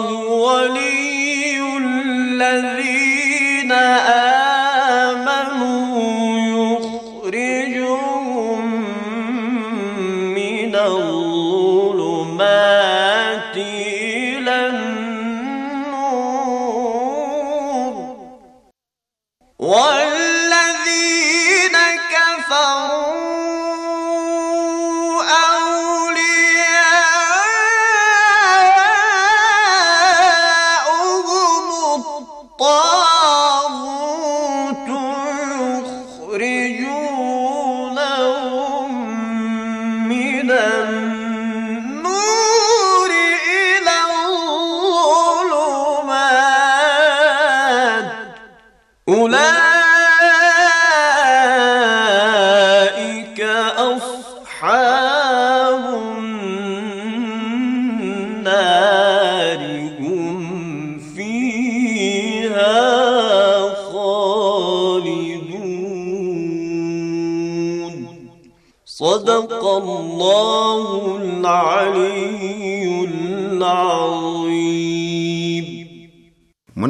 هو ولي الذي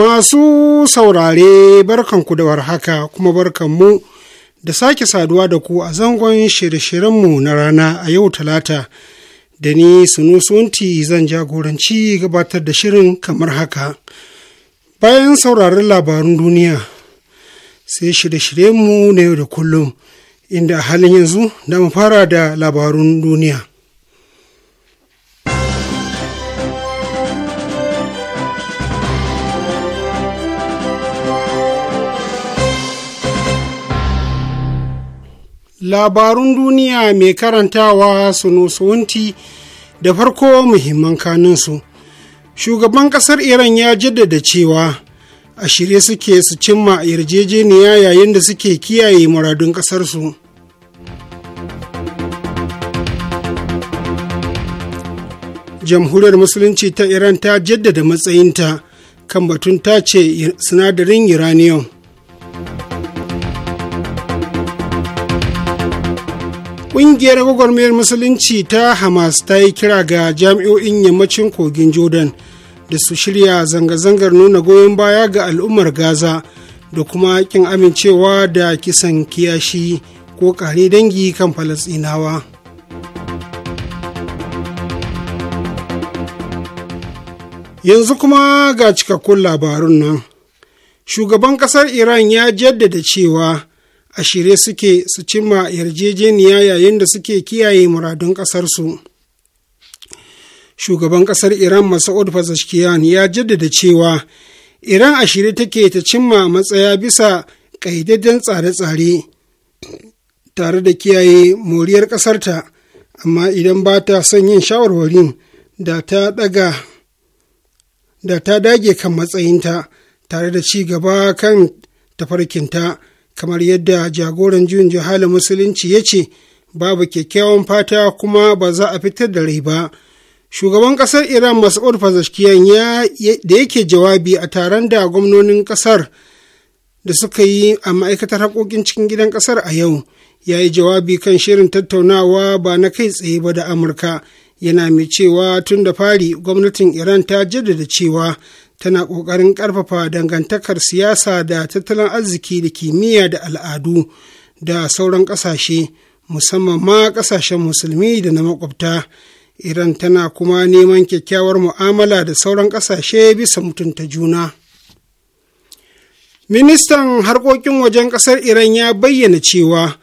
Masu saurare barkanku da warhaka kuma barkanmu da sake saduwa da ku a zangon shirye-shiryenmu na rana a yau talata da ni sunusunti zan jagoranci gabatar da shirin kamar haka. Bayan sauraron labarun duniya sai shirye-shiryenmu na yau da kullum inda a halin yanzu da mu fara da labarun duniya. Labarun duniya mai karantawa sunusunti da farko muhimman kanunsu. Shugaban ƙasar Iran ya jaddada cewa a shirye suke su cimma yarjejeniya yayin da suke kiyaye muradun ƙasarsu. Jamhuriyar Musulunci ta Iran ta jaddada matsayinta kan batun ta ce sinadarin uranium. Ƙungiyar gwagwarmayar Musulunci ta Hamas ta yi kira ga jami'o'in yammacin kogin Jordan da su shirya zanga-zangar nuna goyon baya ga al'ummar Gaza da kuma ƙin amincewa da kisan kiyashi ko ƙare dangi kan Falasɗinawa. Yanzu kuma ga cikakkun labarun nan. Shugaban ƙasar Iran ya jaddada cewa a shirye suke su cimma yarjejeniya yayin da suke kiyaye muradun ƙasarsu shugaban ƙasar iran masa'ud fazashkiyan ya jaddada cewa iran a shirye take ta cimma matsaya bisa ƙaidadden tsare-tsare tare da kiyaye moriyar ƙasarta amma idan ba ta son yin shawarwarin da ta daga da ta dage kan matsayinta tare da ci gaba kan tafarkinta kamar yadda jagoran juyin jihali musulunci ya ce babu kyakkyawan fata kuma ba za a fitar da rai ba shugaban kasar iran mas'ud pezeshkian da yake jawabi a taron da gwamnonin kasar da suka yi a ma'aikatar haƙoƙin cikin gidan kasar a yau ya yi jawabi kan shirin tattaunawa ba na kai tsaye ba da amurka yana mai cewa tun da fari gwamnatin iran ta jaddada cewa tana ƙoƙarin ƙarfafa dangantakar siyasa da tattalin arziki da kimiyya da al'adu da sauran ƙasashe musamman ma ƙasashen musulmi da na makwabta iran tana kuma neman kyakkyawar mu'amala da sauran ƙasashe bisa mutunta juna ministan harkokin wajen ƙasar iran ya bayyana cewa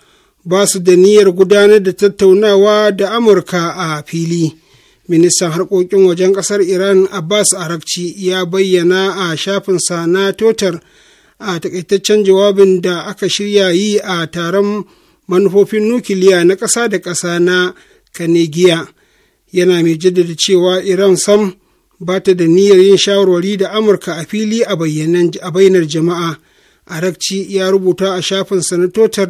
ba su da niyyar gudanar da tattaunawa da amurka a fili. ministan harkokin wajen ƙasar iran abbas arakci ya bayyana a shafinsa na totar a takaitaccen jawabin da aka shirya yi a taron manufofin nukiliya na ƙasa da ƙasa na kanegiya yana mai jaddada cewa iran sam ba ta da niyyar yin shawarwari da amurka a fili a bainar jama'a arakci ya rubuta a shafinsa na totar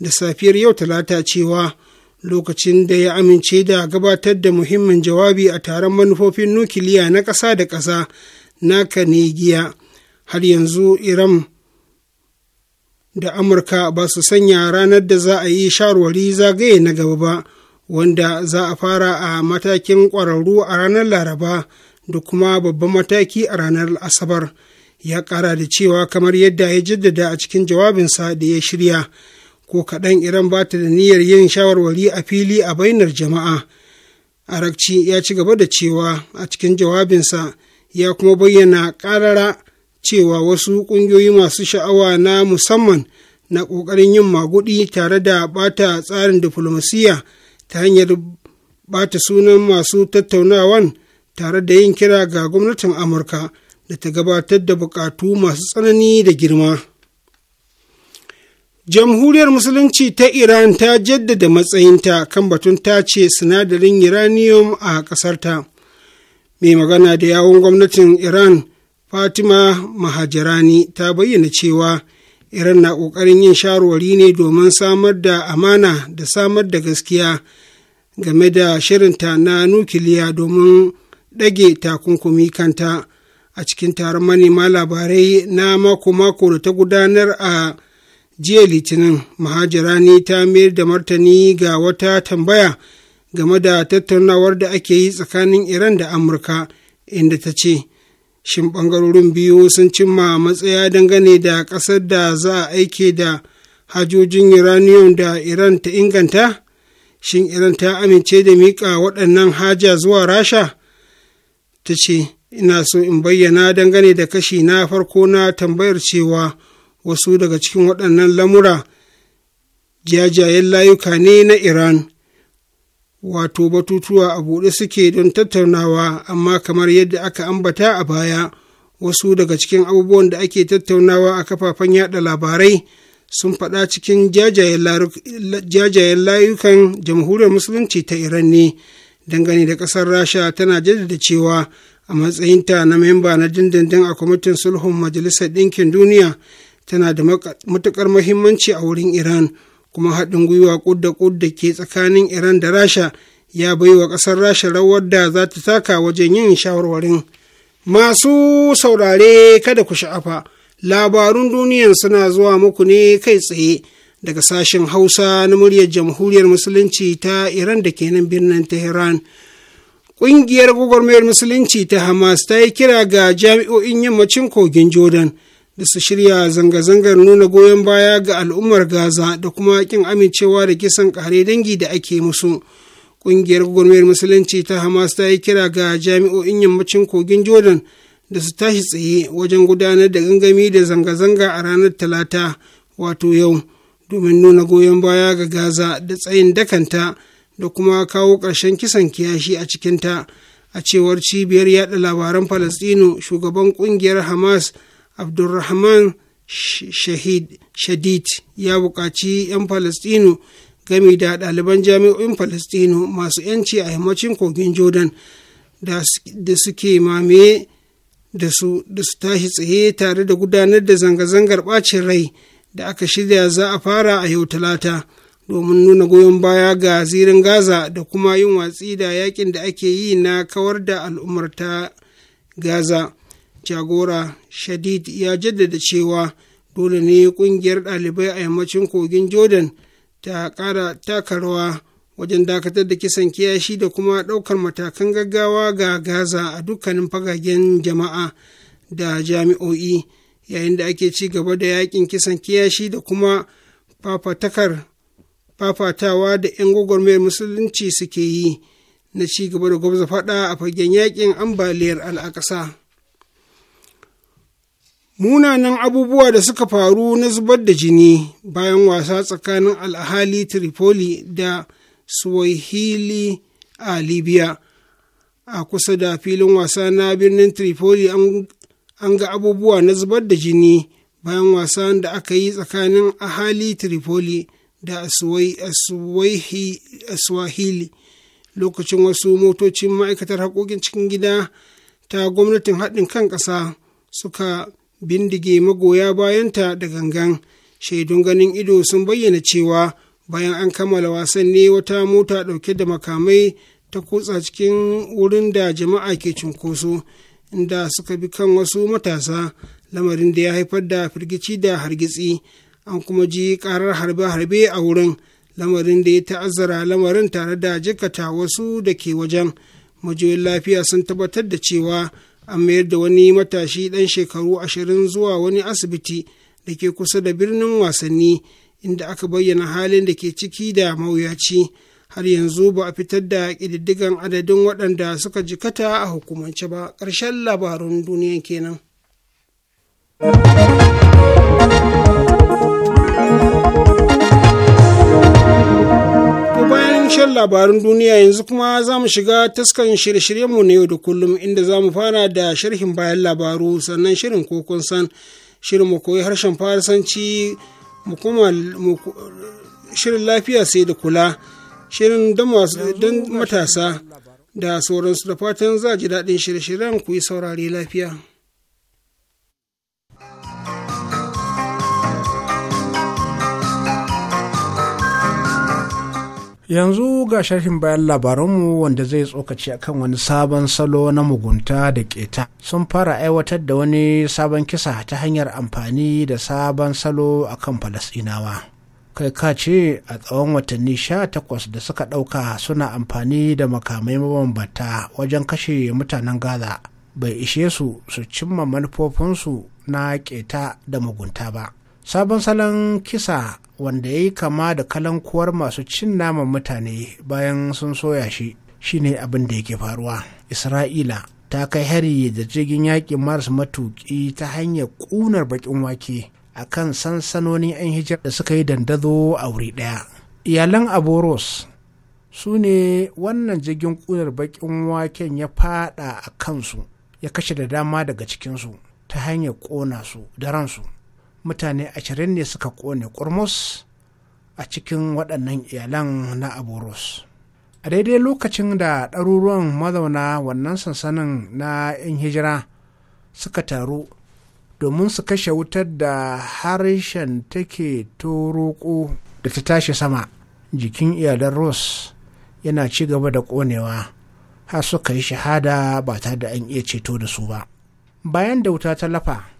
da safiyar yau talata cewa lokacin da ya amince da gabatar da muhimmin jawabi a taron manufofin nukiliya na ƙasa da ƙasa na kanegiya har yanzu iran da amurka ba su sanya ranar da za a yi shawarwari zagaye na gaba ba wanda za a fara a matakin ƙwararru a ranar laraba da kuma babban mataki a ranar asabar ya ƙara da cewa kamar yadda ya jaddada a cikin jawabinsa da ya shirya ko kaɗan idan ba ta da niyyar yin shawarwari a fili a bainar jama'a arakci ya ci gaba da cewa a cikin jawabinsa ya kuma bayyana ƙarara cewa wasu ƙungiyoyi masu sha'awa na musamman na ƙoƙarin yin maguɗi tare da bata tsarin diflomasiyya ta hanyar bata sunan masu tattaunawan tare da yin kira ga gwamnatin amurka da ta gabatar da buƙatu masu tsanani da girma. Jamhuriyar Musulunci ta Iran ta jaddada matsayinta kan batun tace sinadarin uranium a ƙasarta. Mai magana da yawon gwamnatin Iran Fatima Mahajirani ta bayyana cewa Iran na ƙoƙarin yin shawarwari ne domin samar da amana da samar da gaskiya game da shirinta na nukiliya domin ɗage takunkumi kanta a cikin taron manema labarai na mako-mako da ta gudanar a jiya litinin mahajirani ta mayar da martani ga wata tambaya game da tattaunawar da ake yi tsakanin iran da amurka inda ta ce shin ɓangarorin biyu sun cimma matsaya dangane da ƙasar da za a aike da hajojin uranium da iran ta inganta shin iran ta amince da miƙa waɗannan haja zuwa rasha ta ce ina so in bayyana dangane da kashi na farko na tambayar cewa wasu daga cikin waɗannan lamura jajayen layuka ne na iran wato batutuwa a buɗe suke don tattaunawa amma kamar yadda aka ambata a baya wasu daga cikin abubuwan da ake tattaunawa a kafafen yada labarai sun faɗa cikin jajayen layukan jamhuriyar musulunci ta iran ne dangane da ƙasar rasha tana jaddada cewa a matsayinta na memba na dindindin a kwamitin sulhun majalisar ɗinkin duniya tana da matuƙar muhimmanci a wurin iran kuma haɗin gwiwa ƙudda ƙudda ke tsakanin iran da rasha ya bai wa ƙasar rasha rawar da za ta taka wajen yin shawarwarin masu saurare kada ku sha'afa labarun duniyan suna zuwa muku ne kai tsaye daga sashen hausa na muryar jamhuriyar musulunci ta iran da kenan birnin tehran ƙungiyar gwagwarmayar musulunci ta hamas ta yi kira ga jami'o'in yammacin kogin jordan da su shirya zanga-zangar nuna goyon baya ga al'ummar gaza da kuma kin amincewa da kisan kare dangi da ake musu ƙungiyar gwamnatin musulunci ta hamas ta yi kira ga jami'o'in yammacin kogin jordan da su tashi tsaye wajen gudanar da gangami da zanga-zanga a ranar talata wato yau domin nuna goyon baya ga gaza da tsayin dakanta da kuma kawo ƙarshen kisan kiyashi a cikinta a cewar cibiyar yada labaran falastino shugaban ƙungiyar hamas abdulrahman shahid shadid ya buƙaci 'yan falastinu gami da ɗaliban jami'o'in falastinu masu 'yanci a yammacin kogin jordan da suke mame da su da tashi tsaye tare da gudanar da zanga-zangar ɓacin rai da aka shirya za a fara a yau talata domin nuna goyon baya ga zirin gaza da kuma yin watsi da yakin da ake yi na kawar da al'ummar ta gaza jagora shadid ya jaddada cewa dole ne kungiyar dalibai a yammacin kogin jordan ta kara takarwa wajen dakatar da kisan kiyashi da kuma daukar matakan gaggawa ga gaza a dukkanin fagagen jama'a da jami'o'i yayin da ake ci gaba da yakin kisan kiyashi da kuma fafatakar fafatawa da 'yan gwagwarmayar musulunci suke yi na ci gaba da gwamza faɗa a fagen yakin ambaliyar al'akasa. munanan abubuwa da suka faru na zubar da jini bayan wasa tsakanin alhali tripoli da swahili a libya a kusa da filin wasa na birnin tripoli an ga abubuwa na zubar da jini bayan wasa da aka yi tsakanin ahali tripoli da swahili lokacin wasu motocin ma'aikatar haƙoƙin cikin gida ta gwamnatin haɗin kan ƙasa suka bindige magoya bayanta da gangan shaidun ganin ido sun bayyana cewa bayan an kammala wasan ne wata mota ɗauke da makamai ta kutsa cikin wurin da jama'a ke cunkoso inda suka bi kan wasu matasa lamarin da ya haifar da firgici da hargitsi an kuma ji karar harbe-harbe a wurin lamarin da ya ta'azzara lamarin tare da jikata wasu da ke wajen majiyoyin lafiya sun tabbatar da cewa an mayar da wani matashi ɗan shekaru ashirin zuwa wani asibiti da ke kusa da birnin wasanni inda aka bayyana halin da ke ciki da mawuyaci har yanzu ba a fitar da ƙididdigan adadin waɗanda suka jikata a hukumance ba ƙarshen labarun duniya kenan. shan labarin duniya yanzu kuma za mu shiga taskan shirye-shiryenmu na yau da kullum inda za mu fara da sharhin bayan labaru sannan shirin kokon san shirin mu koyi harshen farisanci mu kuma shirin lafiya sai da kula shirin don matasa da sauransu da fatan za ji daɗin shirye-shiryen ku yi saurare lafiya. yanzu ga sharhin bayan labaranmu wanda zai tsokaci akan wani sabon salo na mugunta da keta sun fara aiwatar da wani sabon kisa ta hanyar amfani da sabon salo akan falasinawa kai ka ce a tsawon watanni sha takwas da suka ɗauka suna amfani da makamai mabambanta wajen kashe mutanen gaza bai ishe su su cimma manufofinsu na keta da mugunta ba sabon salon kisa wanda ya yi kama da kalankuwar masu cin naman mutane bayan sun soya shi shine abin da yake faruwa isra'ila ta kai hari da jirgin yakin maras matuƙi ta hanyar ƙunar bakin wake a kan sansanonin 'yan hijar da suka yi dandazo a wuri ɗaya iyalan aboros su ne wannan jirgin ƙunar bakin waken ya fada a kansu ya kashe da dama daga cikinsu ta hanyar ƙona su da ransu mutane ashirin ne suka kone kurmus a cikin waɗannan iyalan na aboros a daidai lokacin da ɗaruruwan mazauna wannan sansanin na 'yan hijira suka taru domin su kashe wutar da harshen take toroko da ta tashi sama jikin iyalan Ross yana ci gaba da ƙonewa har suka yi shahada ba tare da an iya ceto da su ba bayan da wuta ta lafa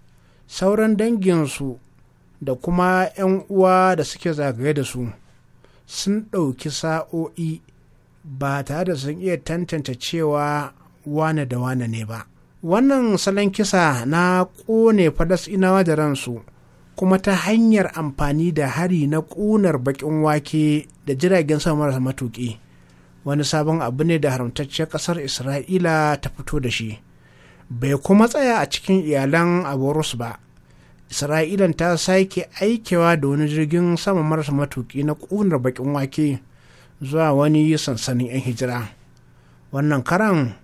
sauran danginsu da kuma 'yan uwa da suke zagaye da su sun ɗauki sa'o'i ba tare da sun iya tantance cewa wane da wane ne ba wannan salon kisa na ƙone ina da ransu kuma ta hanyar amfani da hari na ƙunar baƙin wake da jiragen sama marasa matuƙi wani sabon abu ne da haramtacciyar ƙasar isra'ila ta fito da shi bai kuma tsaya a cikin iyalan aborus ba isra'ilan ta sake aikewa da wani jirgin sama marasa matuki na ƙunar bakin wake zuwa wani sansanin 'yan hijira wannan karan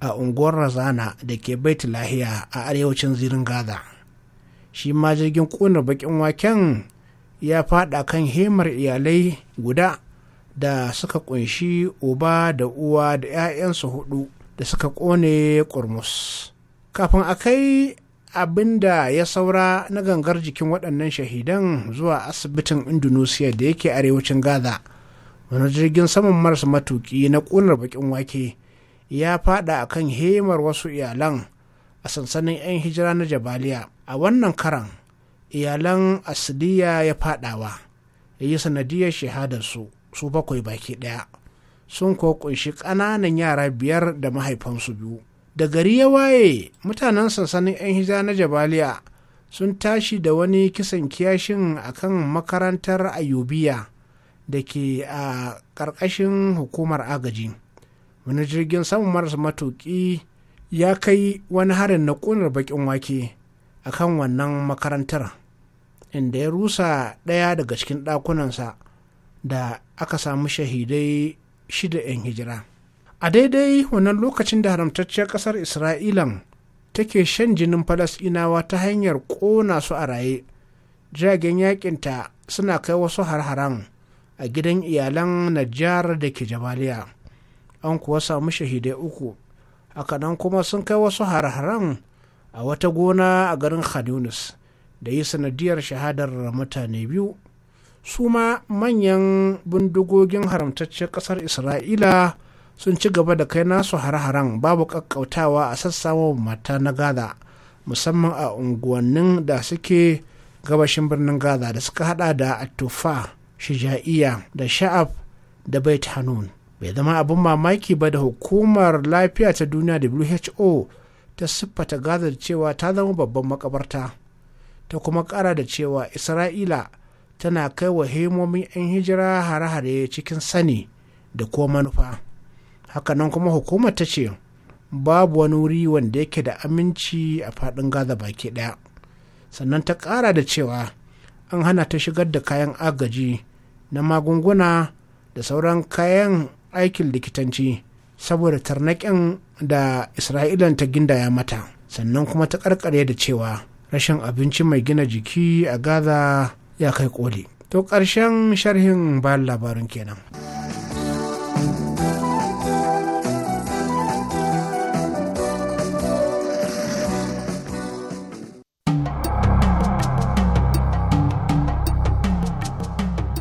a unguwar razana da ke bait lahiya a arewacin zirin gaza shi ma jirgin ƙunar bakin waken ya fada kan hemar iyalai guda da suka kunshi uba da uwa da 'ya'yansu hudu da suka ƙone ƙurmus kafin a kai abin da ya saura na gangar jikin waɗannan shahidan zuwa asibitin indonesia da yake arewacin gaza wani jirgin saman marasa matuki na ƙunar bakin wake ya fada a kan hemar wasu iyalan a sansanin 'yan hijira na jabaliya a wannan karan iyalan asidiya ya fadawa ya yi sanadiyar shahadarsu su bakwai baki ɗaya sun kuwa kunshi ƙananan yara biyar da mahaifansu biyu da gari ya waye mutanen sansanin 'yan hijira na jabaliya sun tashi da wani kisan kiyashin a kan makarantar ayubiya da ke a ƙarƙashin hukumar agaji wani jirgin saman marasa matuƙi ya kai wani harin na ƙunar baƙin wake a kan wannan makarantar inda ya rusa ɗaya daga cikin ɗakunansa da aka samu shahidai shida 'yan hijira a daidai wannan lokacin da haramtacciyar kasar isra'ilan take shan jinin falasɗinawa ta hanyar ƙona su a raye jiragen yakinta suna kai wasu har a gidan iyalan najjar da ke jabaliya an kuwa samu shahidai uku hakanan kuma sun kai wasu har a wata gona a garin khan da yi sanadiyar shahadar mutane biyu su ma manyan bindigogin haramtaccen ƙasar isra'ila sun ci gaba da kai nasu har-haren babu ƙaƙƙautawa a sassawa mata na gaza musamman a unguwannin da suke gabashin birnin gaza da suka hada da atufa shija'iya da sha'af da bait hanun bai zama abin mamaki ba da hukumar lafiya ta duniya who ta siffata gaza da cewa ta zama babban makabarta ta kuma kara da cewa isra'ila tana kai wa himomin 'yan hijira hare-hare cikin sani da ko manufa hakanan kuma hukumar ta ce babu wani wuri wanda yake da aminci a faɗin gaza baki ɗaya sannan ta ƙara da cewa an hana ta shigar da kayan agaji na magunguna da sauran kayan aikin likitanci saboda tarnaƙin da isra'ilan ta gindaya mata sannan kuma ta karkare da cewa rashin abinci mai gina jiki a gaza ya kai koli to ƙarshen sharhin bayan labarin kenan.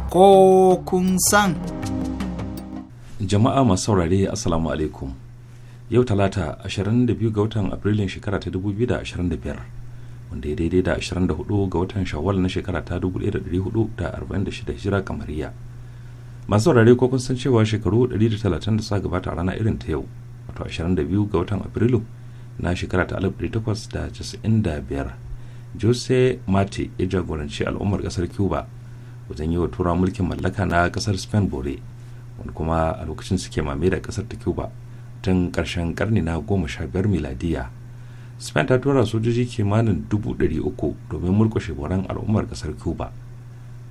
ko kun san. Jama'a masu saurare Assalamu alaikum. Yau talata 22 ga watan Afrilun shekara ta 2025. wanda ya daidai da 24 ga watan shawwal na shekara ta 1446 hijira kamariya masu saurare ko kun san cewa shekaru 130 da suka gabata a rana irin ta yau wato 22 ga watan afrilu na shekara ta 1895 jose mate ya jagoranci al'ummar kasar cuba wajen yi wa tura mulkin mallaka na kasar spain bore wani kuma a lokacin suke mame da kasar ta cuba tun karshen karni na 15 miladiya spain ta tura sojoji kimanin dubu ɗari uku domin murkushe boran al'ummar ƙasar cuba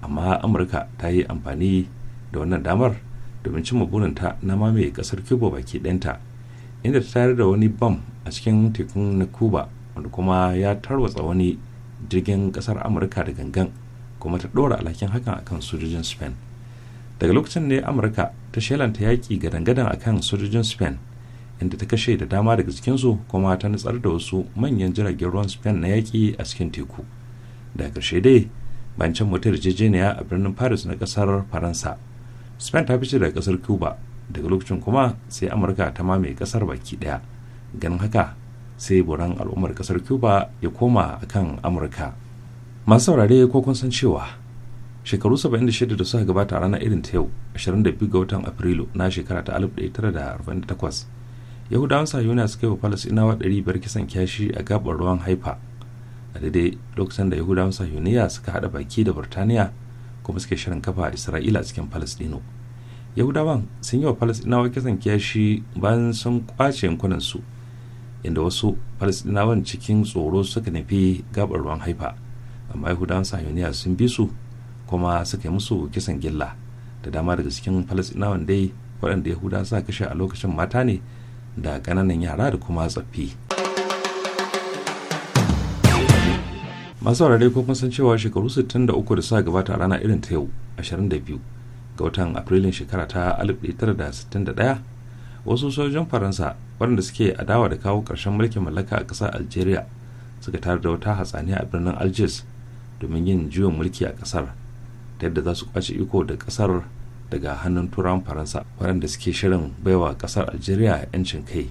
amma amurka ta yi amfani da wannan damar domin cimma burinta na mamaye kasar cuba baki ɗanta inda ta tayar da wani bam a cikin tekun na cuba wanda kuma ya tarwatsa wani jirgin ƙasar amurka da gangan kuma ta ɗora alhakin hakan akan sojojin spain daga lokacin ne amurka ta shelanta yaƙi gadan-gadan akan sojojin spain inda ta kashe da dama daga cikinsu kuma ta nutsar da wasu manyan jiragen ruwan spain na yaki a cikin teku da ƙarshe dai bancin mutu yarjejeniya a birnin paris na ƙasar faransa spain ta fice daga ƙasar cuba daga lokacin kuma sai amurka ta mamaye ƙasar baki ɗaya ganin haka sai buran al'ummar ƙasar cuba ya koma akan amurka masu saurare ko kun san cewa shekaru 76 da suka gabata a ranar irin ta yau 22 ga watan afrilu na shekara ta 1948 yahudawan sayuna suka yi wa falasinawa biyar kisan kyashi a gabar ruwan haifa a daidai lokacin da yahudawan sayuniya suka haɗa baki da burtaniya kuma suke shirin kafa isra'ila cikin falasdino yahudawan sun yi wa falasinawa kisan kyashi bayan sun kwace yankunan su inda wasu falasinawan cikin tsoro suka nufi gabar ruwan haifa amma yahudawan sayuniya sun bi su kuma suka yi musu kisan gilla da dama daga cikin falasinawan dai waɗanda yahudawa suka kashe a lokacin mata ne da ƙananan yara da kuma tsaffi masu saurare ko kun san cewa shekaru 63 da suka gabata a rana irin ta yau 22 ga watan afrilun shekara ta 1961 wasu sojojin faransa waɗanda suke adawa da kawo ƙarshen mulkin mallaka a ƙasar algeria suka tare da wata hatsaniya a birnin algiers domin yin juyin mulki a ƙasar ta yadda za su kwace iko da ƙasar daga hannun turawan faransa waɗanda suke shirin baiwa ƙasar algeria 'yancin kai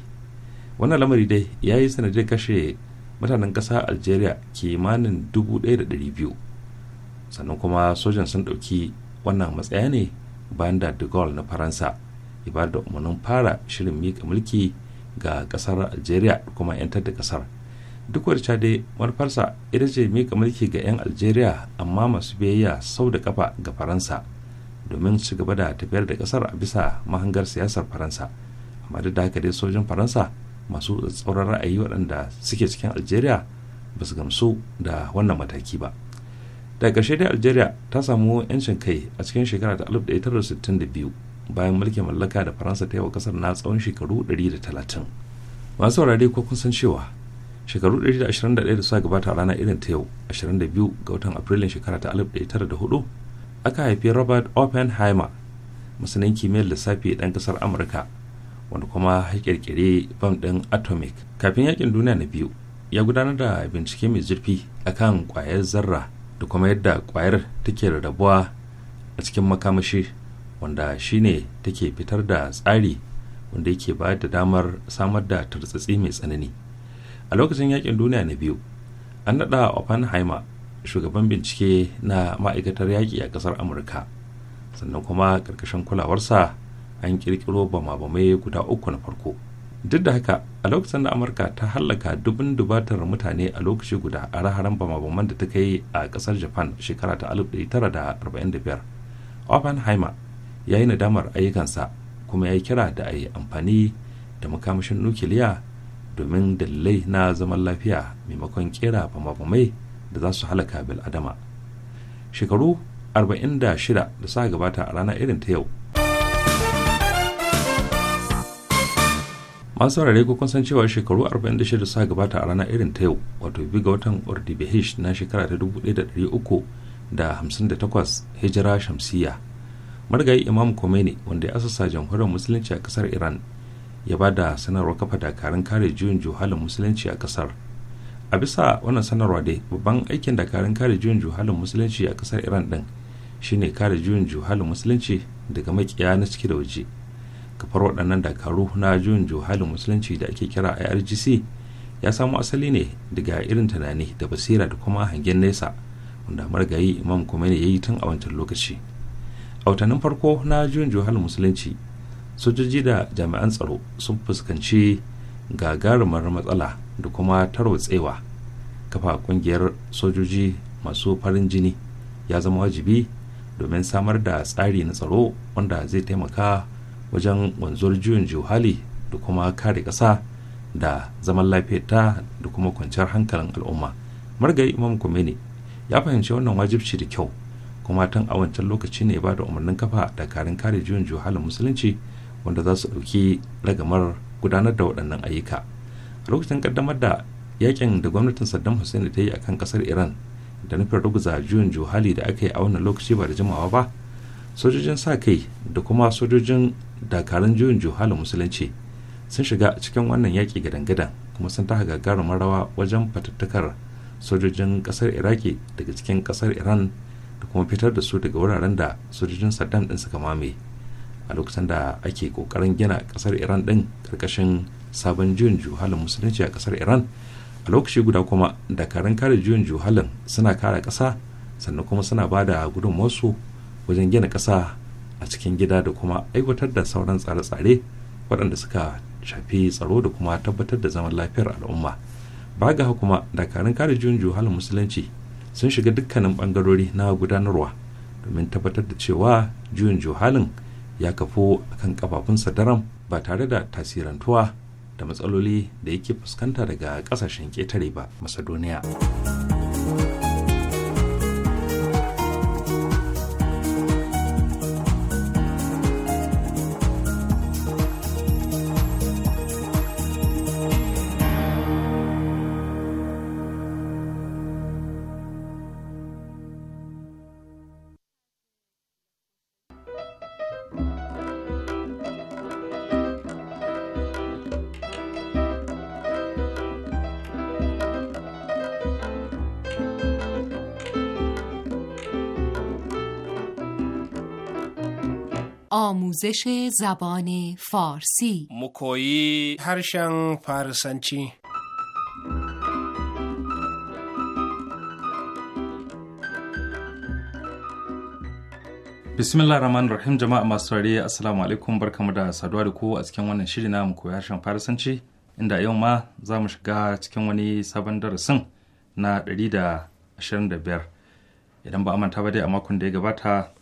wannan lamari dai ya yi sanadin kashe mutanen ƙasar algeria kimanin biyu sannan kuma sojan sun ɗauki wannan matsaya ne bayan da de gaulle na faransa ya ba da umarnin fara shirin miƙa mulki ga ƙasar algeria kuma 'yantar da ƙasar duk wani dai manufarsa ita ce miƙa mulki ga 'yan algeria amma masu biyayya sau da kafa ga faransa domin su gaba da tafiyar da kasar a bisa mahangar siyasar faransa amma duk da haka dai sojin faransa masu tsauran ra'ayi waɗanda suke cikin algeria ba su gamsu da wannan mataki ba daga ƙarshe dai algeria ta samu 'yancin kai a cikin shekara ta 1962 bayan mulkin mallaka da faransa ta yi wa kasar na tsawon shekaru 130 masu saurare ko kun san cewa shekaru 121 da suka gabata a rana irin ta yau 22 ga watan afrilun shekara ta 1904 aka haifi robert oppenheimer masanin kimiyyar lissafi ɗan ƙasar amurka wanda kuma ya ƙirƙiri bam ɗin atomic kafin yakin duniya na biyu ya gudanar da bincike mai zurfi akan ƙwayar zarra da kuma yadda ƙwayar take rabuwa a cikin makamashi wanda shine take fitar da tsari wanda yake ba da damar samar da tartsatsi mai tsanani a lokacin yakin duniya na biyu an naɗa oppenheimer shugaban bincike na ma'aikatar yaƙi a ƙasar amurka sannan kuma ƙarƙashin kulawarsa an ƙirƙiro bama-bamai guda uku na farko duk da haka a lokacin da amurka ta hallaka dubin dubatar mutane a lokaci guda a raharan bama-baman da ta kai a ƙasar japan shekara ta 1945 oppenheimer ya yi nadamar ayyukansa kuma ya yi kira da a yi amfani da makamashin nukiliya domin dalilai na zaman lafiya maimakon kera bama-bamai da za su halaka adama shekaru 46 da sa gabata a rana irin ta yau masu saurare ko kun san cewa shekaru 46 suka gabata a rana irin ta yau wato biyu ga watan ordibihish na shekara ta 1358 hijira shamsiya marigayi imam khomeini wanda ya asasa jamhuriyar musulunci a kasar iran ya ba da sanarwar kafa dakarun kare juyin juhalin musulunci a kasar a bisa wannan sanarwa dai babban aikin dakarun kare juyin juhalin musulunci a kasar iran din shine kare juyin juhalin musulunci daga makiya na ciki da waje kafar waɗannan dakaru na juyin juhalin musulunci da ake kira irgc ya samo asali ne daga irin tunani da basira da kuma hangen nesa wanda margayi imam ne ya yi tun a wancan lokaci a watannin farko na juyin juhalin musulunci sojoji da jami'an tsaro sun fuskanci gagarumar matsala da kuma tarwatsewa kafa kungiyar sojoji masu farin jini ya zama wajibi domin samar da tsari na tsaro wanda zai taimaka wajen wanzuwar juyin juhali da kuma kare ƙasa da zaman lafiyarta da kuma kwanciyar hankalin al'umma margayi imam kumeni ya fahimci wannan wajibci da kyau kuma tun a wancan lokaci ne ba da umarnin kafa da karin kare juyin juhalin musulunci wanda za su ɗauki ragamar gudanar da waɗannan ayyuka a lokacin kaddamar da yakin da gwamnatin saddam hussein ta yi a kan ƙasar iran da nufin ruguza juyin juhali da aka yi a wannan lokaci ba da jimawa ba sojojin sa kai da kuma sojojin dakarun juyin juhalin musulunci sun shiga cikin wannan yaƙi gadan-gadan kuma sun taka gagarumin rawa wajen fatattakar sojojin ƙasar iraki daga cikin ƙasar iran da kuma fitar da su daga wuraren da sojojin saddam ɗin suka mame a lokacin da ake kokarin gina kasar iran din karkashin sabon juyin juhalin musulunci a kasar iran a lokaci guda kuma dakarun kare juyin juhalin suna kara kasa sannan kuma suna ba da gudunmawarsu wajen gina kasa a cikin gida da kuma aiwatar da sauran tsare-tsare waɗanda suka shafi tsaro da kuma tabbatar da zaman lafiyar al'umma ba ga kuma dakarun kare juyin juhalin musulunci sun shiga dukkanin bangarori na gudanarwa domin tabbatar da cewa juyin juhalin ya kafo akan kafafunsa daram ba tare da tasirantuwa da matsaloli da yake fuskanta daga kasashen ketare ba macedonia آموزش زبان فارسی mu koyi harshen bismillah rahman rahim jama'a masu saurare assalamu alaikum barkamu da saduwa da ku a cikin wannan shiri na mu koyi harshen farisanci inda yau ma za mu shiga cikin wani sabon darasin na ɗari da biyar idan ba a manta ba dai a makon da ya gabata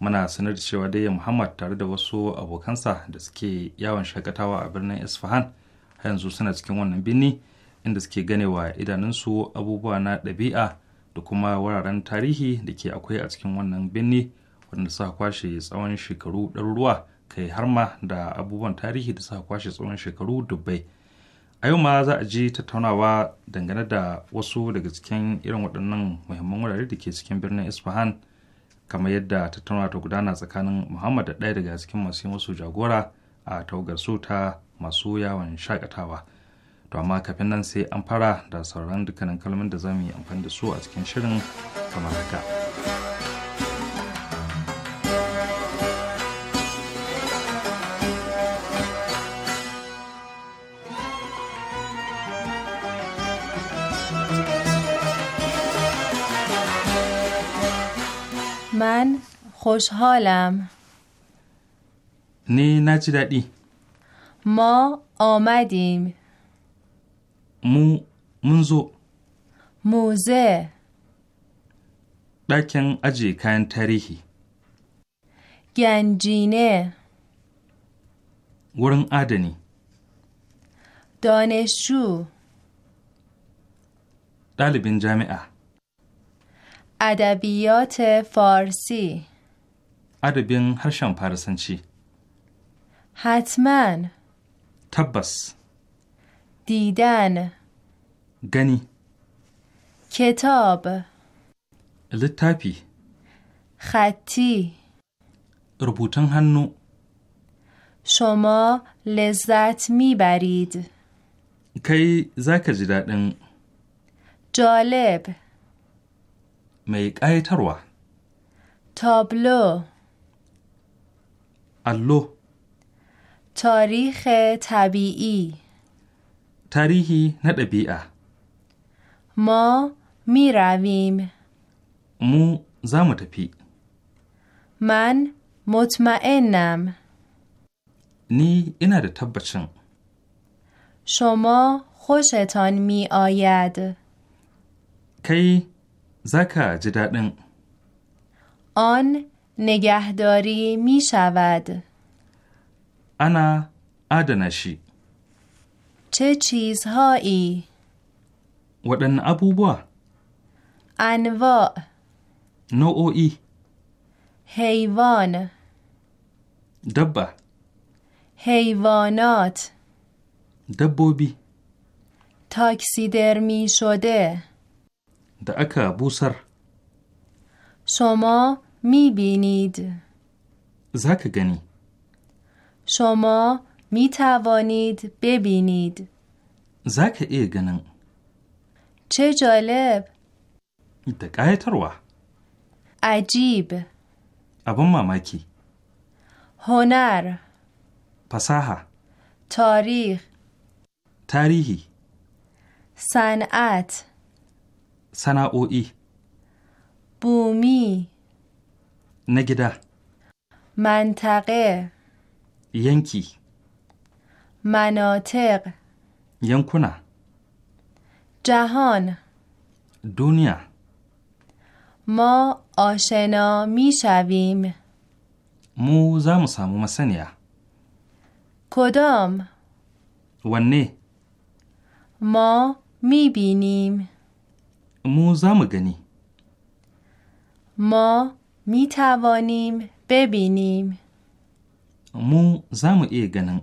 muna sanar da cewa dai muhammad tare da wasu abokansa da suke yawon shakatawa a birnin isfahan har yanzu suna cikin wannan birni inda suke ganewa idanunsu abubuwa na ɗabi'a da kuma wuraren tarihi da ke akwai a cikin wannan birni wanda suka kwashe tsawon shekaru ɗaruruwa kai har ma da abubuwan tarihi da suka kwashe tsawon shekaru dubbai a yau ma za a ji tattaunawa dangane da wasu daga cikin irin waɗannan muhimman wurare da ke cikin birnin isfahan kamar yadda tattauna ta gudana tsakanin muhammad da ɗaya daga cikin masu musu jagora a taugar su ta masu yawon shakatawa to amma kafin nan sai an fara da sauran dukkanin kalmomin da zamu yi amfani da su a cikin shirin kamar haka. من خوشحالم نی نجددی ما آمدیم مو منزو موزه دکن اجی کن تاریخی گنجینه ورن آدنی دانشجو دالبین جامعه ادبیات فارسی ادبین هرشن پارسنچی حتما تبس دیدن گنی کتاب لطفی خطی ربوتن هنو شما لذت میبرید کی زکجی جالب می قایتروا تابلو اللو تاریخ طبیعی تاریخی طبیعه ما می رویم مو زمت من مطمئنم نی اینا ده تبچن شما خوشتان می آید کی زکا جدادن آن نگهداری می شود انا آدنشی چه چیزهایی؟ ودن ابوبوا انواع نوعی حیوان دبه حیوانات دبوبی تاکسیدرمی شده da aka busar. Shoma mi binid. Za ka gani. Shoma mi tawonid bebinid. Za ka iya ganin. Ce jolib. Da ƙayatarwa. Ajib. Abin mamaki. Honar. Fasaha. Tarih. Tarihi. San'at. سناؤی بومی نگده منطقه ینکی مناطق ینکونه جهان دنیا ما آشنا می شویم مو زامو سامو مسنیا کدام ونه ما می بینیم مو گنی ما می توانیم ببینیم مو زم گنن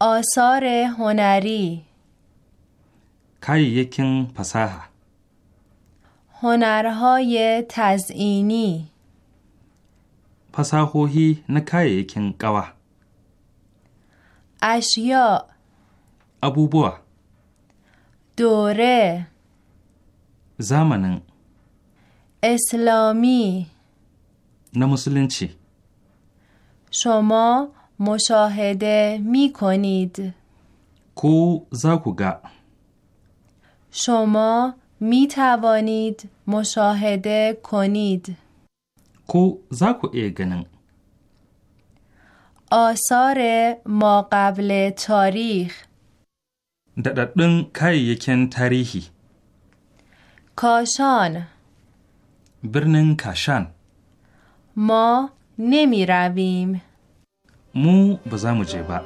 آثار هنری کاییکن فساحه هنرهای تزئینی فساحوهی نه کاییکن قوا اشیا ابوبوا دوره زمانن اسلامی نه چی؟ شما مشاهده می کنید کو زاکوگا شما می توانید مشاهده کنید کو زاکو ایگنن آثار ما قبل تاریخ دادن کاییکن تاریخی کاشان برنن کاشان ما نمی رویم مو بزا مجبه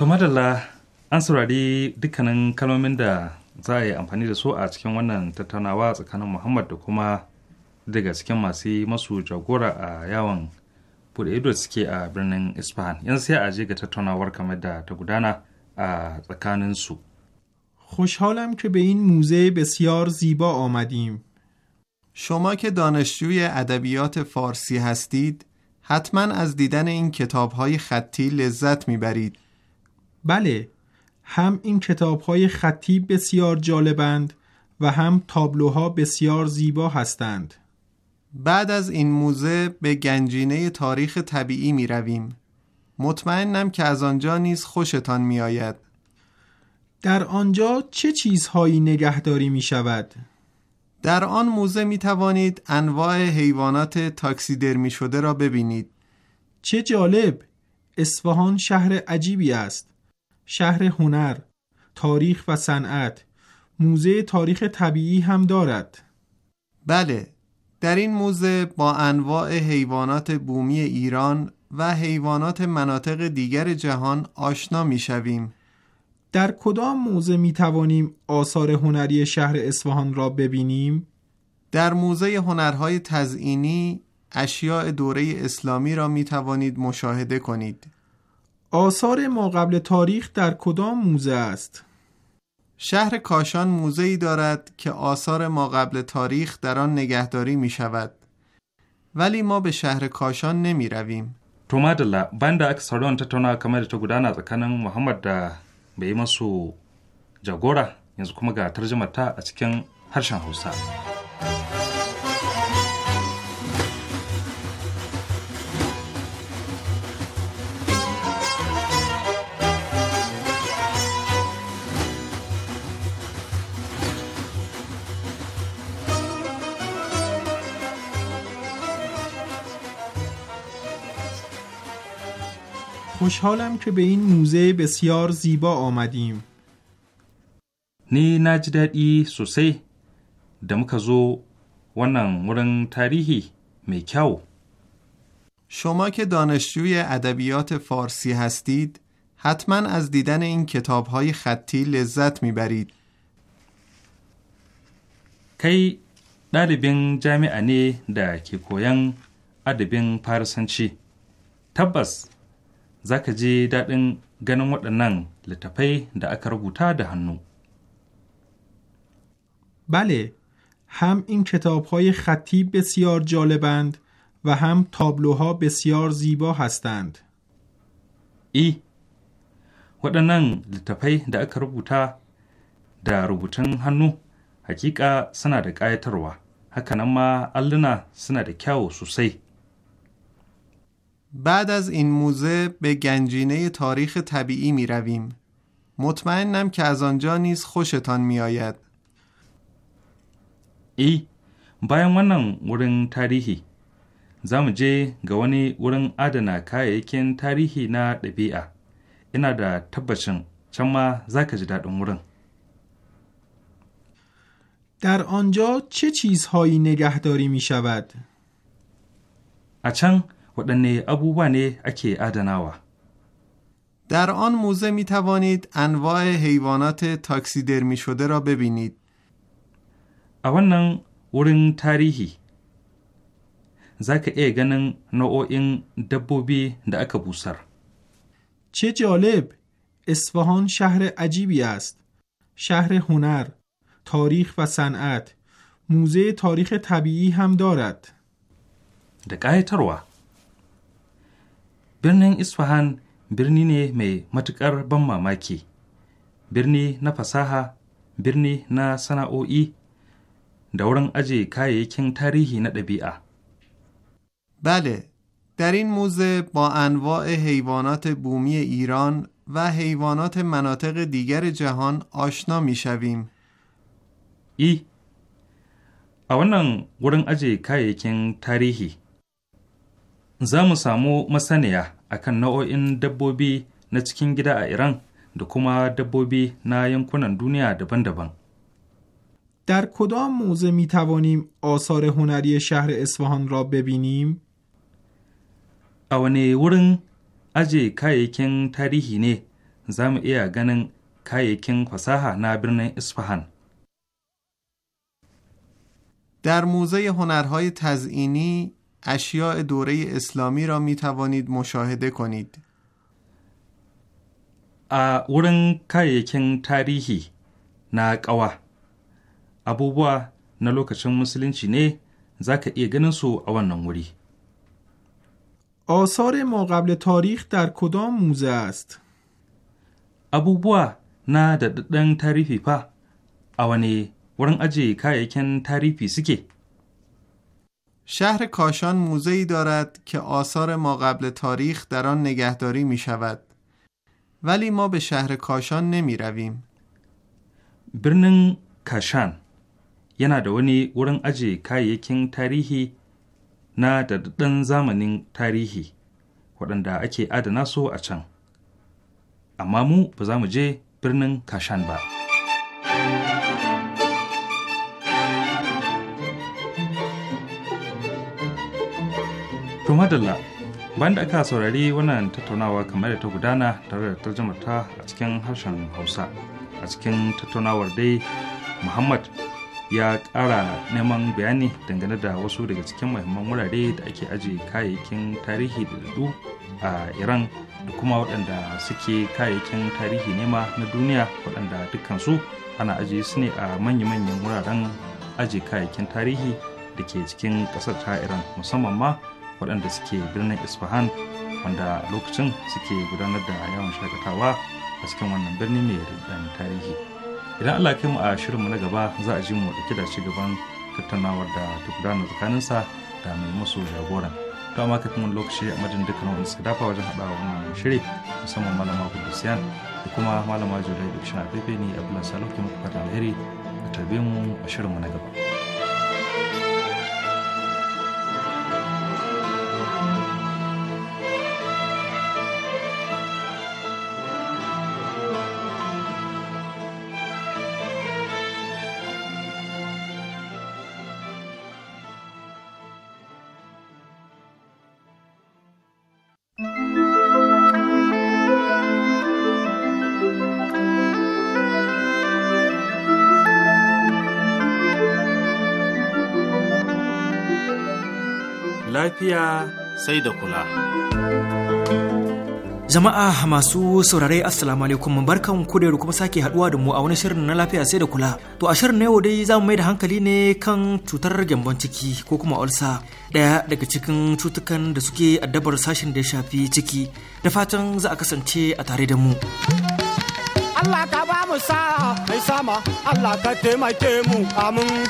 To madalla an saurari dukkanin kalmomin da za a yi amfani da su a cikin wannan tattaunawa tsakanin Muhammad da kuma daga cikin masu masu jagora a yawon bude ido suke a birnin Isfahan. Yan sai a je ga tattaunawar kamar da ta gudana a tsakanin su. خوشحالم که به این موزه بسیار زیبا آمدیم. شما که دانشجوی ادبیات فارسی هستید، حتما از دیدن این کتاب‌های خطی لذت میبرید. بله هم این کتاب خطی بسیار جالبند و هم تابلوها بسیار زیبا هستند بعد از این موزه به گنجینه تاریخ طبیعی می رویم مطمئنم که از آنجا نیز خوشتان می آید در آنجا چه چیزهایی نگهداری می شود؟ در آن موزه می توانید انواع حیوانات تاکسیدرمی شده را ببینید چه جالب! اصفهان شهر عجیبی است شهر هنر، تاریخ و صنعت، موزه تاریخ طبیعی هم دارد. بله، در این موزه با انواع حیوانات بومی ایران و حیوانات مناطق دیگر جهان آشنا می شویم. در کدام موزه می توانیم آثار هنری شهر اصفهان را ببینیم؟ در موزه هنرهای تزئینی اشیاء دوره اسلامی را می توانید مشاهده کنید. آثار ما قبل تاریخ در کدام موزه است؟ شهر کاشان موزه ای دارد که آثار ما قبل تاریخ در آن نگهداری می شود. ولی ما به شهر کاشان نمی رویم. تو بند اک سردان تتونا کمیل تو گودانا زکنم محمد دا به ایما سو جا گوره. یا ترجمه تا از کن هرشان حوصا. خوشحالم که به این موزه بسیار زیبا آمدیم نی نجددی سوسی دمکزو ونن ورن تاریخی میکاو شما که دانشجوی ادبیات فارسی هستید حتما از دیدن این کتاب های خطی لذت میبرید کی دالبین جامعه ne که کی کویان ادبین پارسنچی za ka je daɗin ganin waɗannan littattafai da aka rubuta da hannu. Bale ham in کتاب های خطی بسیار جالبند و هم تابلوها بسیار زیبا هستند ای waɗannan littattafai da aka rubuta da rubutun hannu hakika suna da ƙayatarwa hakanan ma alluna suna da kyawu sosai بعد از این موزه به گنجینه تاریخ طبیعی می رویم. مطمئنم که از آنجا نیز خوشتان می آید. ای بای منم ورن تاریخی زم جه گوانی ورن آدنا که ایکن تاریخی نا دبیع اینا دا تبشن چما زاک جداد ورن در آنجا چه چیزهایی نگهداری می شود؟ اچنگ waɗanne abubuwa ne ake adanawa در آن موزه می توانید انواع حیوانات تاکسیدرمی شده را ببینید. اوانن ورن تاریخی زکه ای گنن دبو دبوبی دا اکا بوسر. چه جالب! اصفهان شهر عجیبی است. شهر هنر، تاریخ و صنعت. موزه تاریخ طبیعی هم دارد. دقایق تروه birnin isfahan birni ne mai matukar ban mamaki birni na fasaha birni na sana'o'i da wurin aje kayayyakin tarihi na ɗabi'a. Bale, در این موزه با انواع حیوانات بومی ایران و حیوانات مناطق دیگر جهان آشنا می شویم. ای a wannan wurin aje kayayyakin tarihi za mu samu masaniya a kan nau’o’in dabbobi na cikin gida a Iran da kuma dabbobi na yankunan duniya daban-daban. Dar kudon muze mitabonim asar hunariya shahar Isfahan ra bebinim? A wane wurin aje kayayyakin tarihi ne za mu iya ganin kayayyakin fasaha na birnin Isfahan. در موزه هنرهای تزئینی اشیاء دوره اسلامی را می توانید مشاهده کنید. اورن کای کن تاریخی نا قوا ابوبوا نا لوکاشن مسلمچی نه زاکا ای گنن سو ا ونن وری آثار ما قبل تاریخ در کدام موزه است؟ ابوبوا نا ددن تاریخی پا ا ونی ورن اجی کای کن تاریخی سکی شهر کاشان موزه دارد که آثار ما قبل تاریخ در آن نگهداری می شود ولی ما به شهر کاشان نمی رویم برنن کاشان yana da wani اجی aje تاریخی tarihi na daɗaɗɗen zamanin tarihi waɗanda ake adana سو a can amma mu za mu je Thank kashan madalla bayan da aka saurari wannan tattaunawa kamar da ta gudana tare da tarjumar ta a cikin harshen hausa a cikin tattaunawar dai muhammad ya kara neman bayani dangane da wasu daga cikin muhimman wurare da ake ajiye kayayyakin tarihi da dadu a iran da kuma waɗanda suke kayayyakin tarihi nema na duniya waɗanda dukkansu ana ajiye su ne a manya-manyan wuraren ajiye kayayyakin tarihi da ke cikin ƙasar ta iran musamman ma waɗanda suke birnin isfahan wanda lokacin suke gudanar da yawon shakatawa a cikin wannan birni mai daɗin tarihi idan allah kai mu a shirinmu na gaba za a ji mu ɗauke da ci gaban tattaunawar da ta gudana tsakaninsa da mai musu jagoran to amma kafin wani lokaci a madadin dukkan wani suka dafa wajen haɗa wannan shiri musamman malama kudusiyan da kuma malama jolai da shina fefe ne a bulan salo ke muku fata alheri a tarbe mu a shirinmu na gaba. lafiya sai da kula. Jama'a masu saurare Assalamu alaikum barkan ku da kuma sake haduwa da mu a wani shirin na lafiya sai da kula. To a shirin na yau dai za mu mai da hankali ne kan cutar gyambon ciki ko kuma ulsa daya daga cikin cutukan da suke addabar sashen da ya shafi ciki da fatan za a kasance a tare da mu. Allah ka ba mu sa mai sama Allah ka taimake mu amin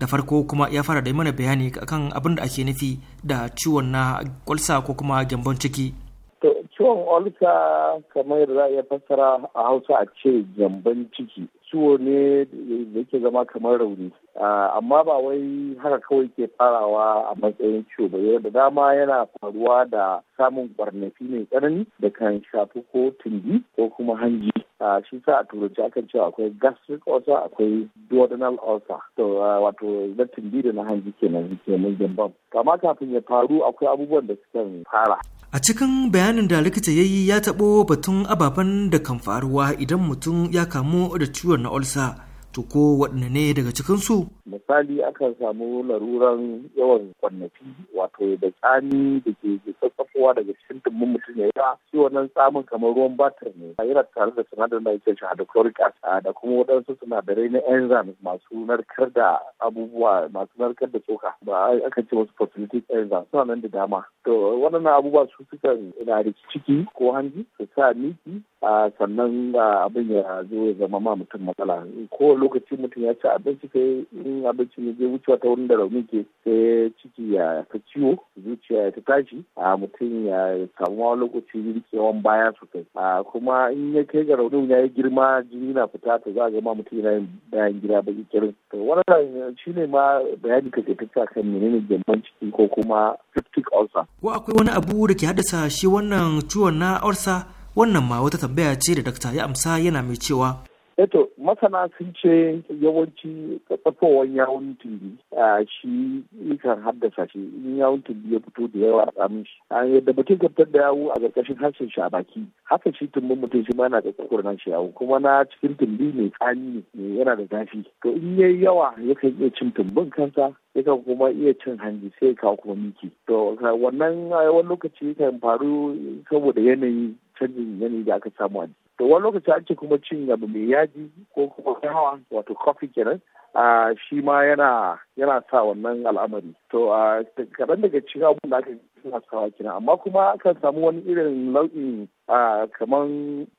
da farko kuma ya fara da mana bayani kan abin da ake nufi da ciwon na kwalsa ko kuma gyambon ciki ciwon olsa kamar yadda za a iya fassara a hausa a ce gyambon ciki ciwo ne da yake zama kamar rauni amma ba wai haka kawai ke farawa a matsayin ciwo ba yau da dama yana faruwa da samun kwarnafi mai tsanani da kan shafi ko tumbi ko kuma hanji shi sa a turanci akan cewa akwai gastric ulcer akwai duodenal ulcer to wato zartin biyu da na hanji kenan ke mun gyambon kama kafin ya faru akwai abubuwan da suka fara a cikin bayanin da likita ya yi ya taɓo batun ababen da kan faruwa idan mutum ya kamu da ciwon na ulcer to ko waɗanne ne daga cikinsu? misali akan samu laruran yawan kwannafi wato da tsani da ke tsatsafowa daga cikin tumbin mutum ya yawa shi wannan tsamin kamar ruwan batir ne yana tare da sinadarin da ake hydrochloric acid da kuma waɗansu sinadarai na enzymes masu narkar da abubuwa masu narkar da tsoka ba akan ce wasu facilitic enzymes suna nan da dama to waɗannan abubuwa su sukan na da ciki ko hanji su sa miki sannan abin ya zo ya zama ma mutum matsala ko lokacin mutum ya ci abinci sai in abincin ya je wucewa ta wurin da rauni ke sai ciki ya ta ciwo zuciya ya ta tashi a mutum ya samu ma lokaci rikewan baya sosai a kuma in ya kai ga raunin ya yi girma jini na fita ta za a zama mutum yana yin bayan gida ki kirin wannan shi ne ma bayani ka ke tafiya kan menene gyamban ciki ko kuma cystic ulcer ko akwai wani abu da ke haddasa shi wannan ciwon na ulcer wannan ma wata tambaya ce da dakta ya amsa yana mai cewa eto eh masana sun ce yawanci tsafowar yawon tumbi a shi nisan haddasa shi in yawon tumbi ya fito da yawa a tsamin shi a yadda mutum kaftar da yawo a ƙarƙashin harshen shi a baki haka shi tumbin mutum shi ma yana da tsakuwar nan shi yawo kuma na cikin tumbi mai tsani ne yana da zafi to in yayi yawa ya kan iya cin tumbin kansa ya yakan kuma iya cin hanji sai ya kawo kuma miki to wannan wani lokaci kan faru saboda yanayi canjin yanayi da aka samu a to wani lokaci an ce kuma cin abu mai yaji ko kuma yawa wato kwafi kenan a shi ma yana yana sa wannan al'amari to a kaɗan daga cikin abun da aka suna sawa kenan amma kuma akan samu wani irin nau'in kamar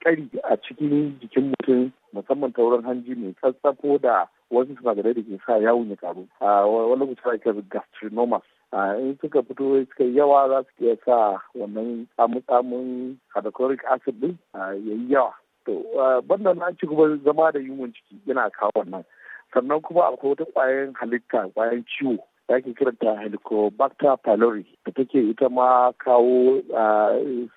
ƙari a cikin jikin mutum musamman ta wurin hanji mai tsatsafo da wasu sinadarai da ke sa yawon ya karu a wani lokaci ake gastrinomas in suka fito suka yawa za su iya sa wannan tsamutsamun hydrochloric acid din ya yi yawa to banda na ci gaba zama da yunwan ciki yana kawo wannan sannan kuma akwai wata kwayan halitta kwayan ciwo da ake kiranta helicobacter pylori da take ita ma kawo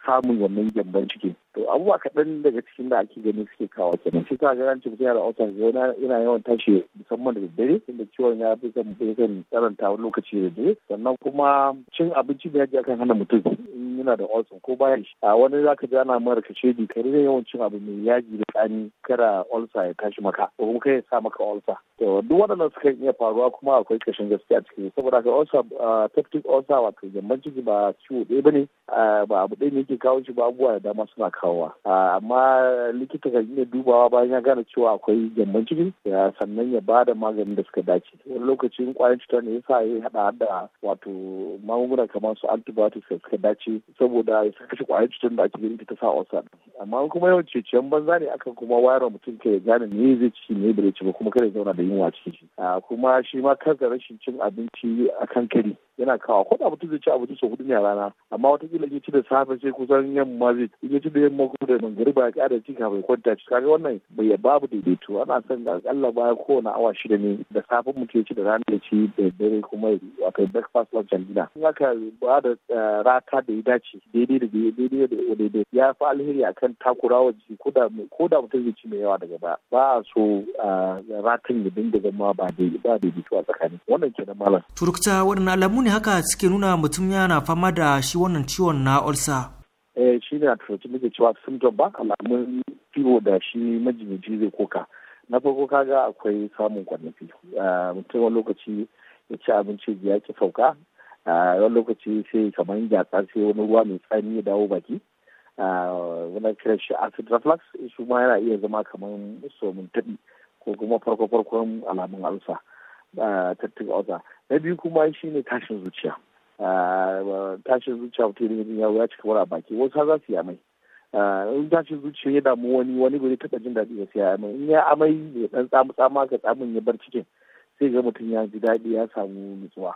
samun wannan gyamban ciki to abubuwa kaɗan daga cikin da ake gani suke kawo kenan shi ta ga ranci mutum yana autar yana yana yawan tashi musamman da daddare inda ciwon ya fi zan tsaranta lokaci da dare sannan kuma cin abinci da yaji akan hana mutum in yana da olson ko baya shi a wani zaka ji ana mara kace di kare yawancin abu mai yaji da tsani kara olsa ya tashi maka ko kuma kai ya sa maka olsa to duk waɗannan suka iya faruwa kuma akwai kashin gaskiya cikin saboda ka olsa tactic olsa wato jamban ciki ba ciwo ɗaya ne ba abu ɗaya ne yake kawo shi ba abubuwa da dama suna kawowa amma likita kan iya dubawa bayan ya gane cewa akwai jamban ciki sannan ya ba da maganin da suka dace wani lokacin kwayan cutar ne sa ya haɗa da wato magunguna kamar su antibiotics da suka dace saboda ta kashe kwayar cutar da ake ganin ta sa osan amma kuma yawan ciyan banza ne akan kuma wayarwa mutum ka ya gane me zai ci ne bai ci ba kuma kada ya zauna da yunwa cikin shi ah, kuma shi ma kansa rashin cin abinci akan kari yana kawo ko da mutum zai ci abinci sau hudu ne a rana amma watakila ya ci da safe sai kusan yamma zai ci ya ci da yamma kuma da ba ya kada ci kafin kwanta ci kaga wannan bai babu daidaito ana son akalla baya kowane awa shida ne da safe mutum ya ci da rana ya ci da dare kuma ya kai breakfast lunch and dinner in aka ba da eh, rata da ya dace daidai da daidai da daidai ya fi alheri akan takurawa jiki ko da mutum zai ci mai yawa daga ba ba a so eh, ratan ya dinga zama ba daidaito a tsakanin wannan da malam. Turkta wannan alamun ne haka suke nuna mutum yana fama da shi wannan ciwon na ulsa. eh shi ne a turanci muke cewa symptom ba alamun ciwo da shi majinyaci zai koka na farko kaga akwai samun kwanafi ah, mutum wani lokaci ya ci abinci ya ki sauka ah, wani lokaci sai kamar ya sai wani ruwa mai tsani ya dawo baki wani ah, kiran shi acid reflux shi ma yana iya zama kamar somin tabi ko kuma farko-farkon alamun alsa Eh, tattun oza na biyu kuma shi ne tashin zuciya eh, tashin zuciya mutum ne ya wuya cika wara baki wasu za su yi amai eh, in tashin zuciya ya damu wani wani bai taɓa jin daɗi ya siya amai in ya amai ya ɗan tsamu tsama ka tsamin ya bar cikin sai ga mutum ya ji daɗi ya samu nutsuwa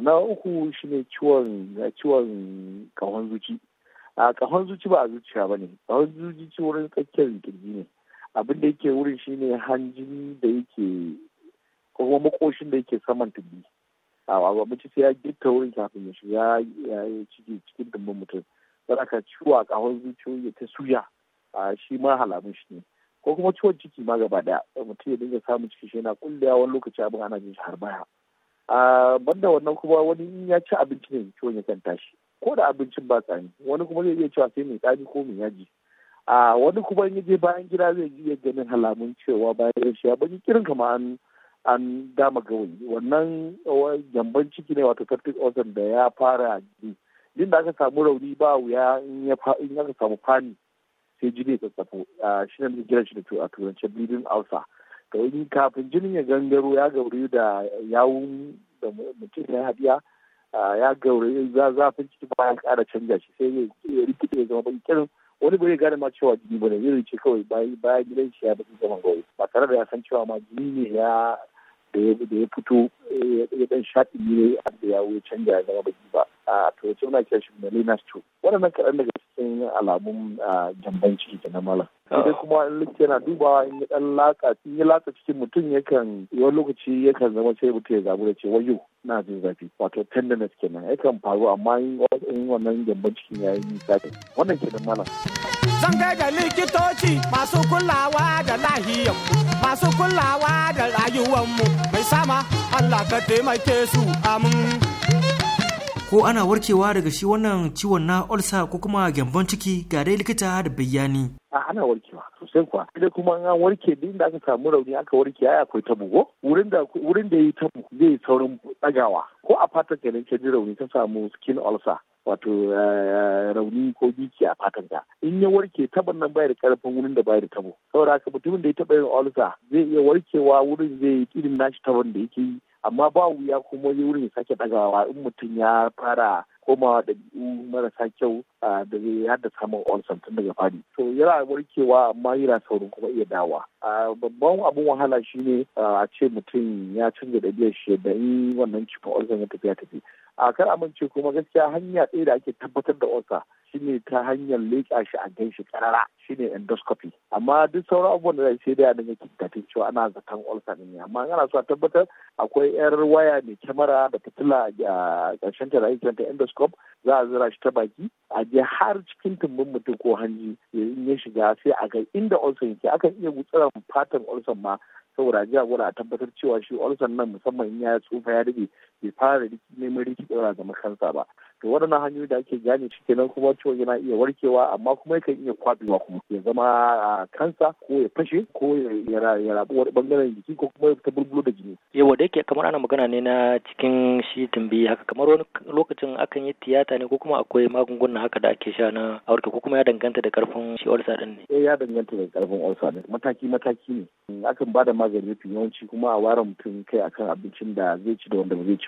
na uku shine ciwon ciwon kahon zuci a kahon zuci ba a zuciya ba ne kahon zuci wurin tsakiyar kirji ne abin da yake wurin shine hanjin da yake ko kuma makoshin da yake saman tubi a abinci sai ya gitta wurin kafin ya shiga ya yi ciki cikin dumbin mutum don aka ciwo a kahon zuciyoyi ta suya a shi ma halamun shi ne ko kuma ciwon ciki ma gaba daya mutum ya dinga samun ciki shi yana kullewa wani lokaci abin ana jin shi har baya a banda wannan kuma wani in ya ci abinci ne ciwon ya kan tashi ko da abincin ba tsani wani kuma zai iya cewa sai mai tsani ko mai yaji a wani kuma in je bayan gida zai iya ganin halamun cewa bayan shi ya bani kirin kama hannu an dama gawayi wannan jamban ciki ne wato septic ulcer da ya fara jini din da aka samu rauni ba wuya in aka samu fani sai jini ya tsatsafo shi ne kiran shi da a turance bleeding ulcer to in kafin jinin ya gangaro ya gauri da yawun da mutum ya haɗiya ya gauri zafin ciki ba ya ƙara canja shi sai ya rikide ya zama ba kirin wani bai gane ma cewa jini ne irin ce kawai bayan gidan shi ya baki zaman gauri ba tare da ya san cewa ma jini ne ya da ya fito eh, ya dan shaɗi ne da ya wuce canja ya zama baki ba a turance muna kira shi millennials too waɗannan kaɗan daga cikin alamun jambanci da na malam oh. sai kuma in likita yana dubawa in ya ɗan latsa in ya laka cikin mutum yakan wani lokaci yakan zama sai mutum ya zabu da ce wayo na jin zafi wato tenderness kenan yakan faru amma in wannan gyamban cikin yi nisa wannan da malam zan kai ga likitoci masu kulawa da lahiyar masu kulawa da rayuwar mu mai sama Allah ka taimake su amin ko ana warkewa daga shi wannan ciwon na olsa ko kuma gyambon ciki ga dai likita da bayani. a ana warkewa sosai kuwa Ida kuma an warke din da aka samu rauni aka warke ya akwai tabu ko wurin da wurin da tabu zai saurin tsagawa ko a fatar kenan ka ji rauni ka samu skin ulsa, wato eh, rauni ko biki a fatan ka in ya warke taban nan bai da karfin wurin da bai da tabo saboda haka mutumin da ya taba yin ulsa, zai iya warkewa wurin zai yi irin nashi taban da yake yi amma ba wuya kuma wurin sake ɗagawa in mutum ya fara komawa ɗabi'u marasa kyau da zai haddasa samun olsan tun daga fari to yana warkewa amma yana saurin kuma iya dawa babban abin wahala shine a ce mutum ya canza biyar shi da in wannan cikin olsan ya tafi ya tafi a kar amince kuma gaskiya hanya ɗaya da ake tabbatar da osa shine ta hanyar leƙa shi a gan shi ƙarara shine endoscopy amma duk sauran abubuwan da sai da dinga tafi cewa ana zaton ulcer ne amma ana so a tabbatar akwai yar waya mai kyamara da fitila a ƙarshen ta da ake endoscope za a zira shi ta baki a je har cikin tumbin mutum ko hanji in ya shiga sai a ga inda ulcer yake akan iya gutsuran fatan ulcer ma saboda a a tabbatar cewa shi ulcer nan musamman in ya tsufa ya daɗe bai fara neman riki ɗora ga makansa ba to waɗannan hanyoyi da ake gane shi kenan kuma ciwon yana iya warkewa amma kuma yakan iya kwabewa kuma ya zama kansa ko ya fashe ko ya rabu wani ɓangaren jiki ko kuma ta bulbulo da jini. yawa da yake kamar ana magana ne na cikin shi tumbi haka kamar wani lokacin akan yi tiyata ne ko kuma akwai magungunan haka da ake sha na aurka ko kuma ya danganta da karfin shi ulsa ɗin ne. Eh, ya danganta da karfin ulsa ɗin mataki mataki ne akan ba da magani mafi yawanci kuma a ware mutum kai akan abincin da zai ci da wanda ba zai ci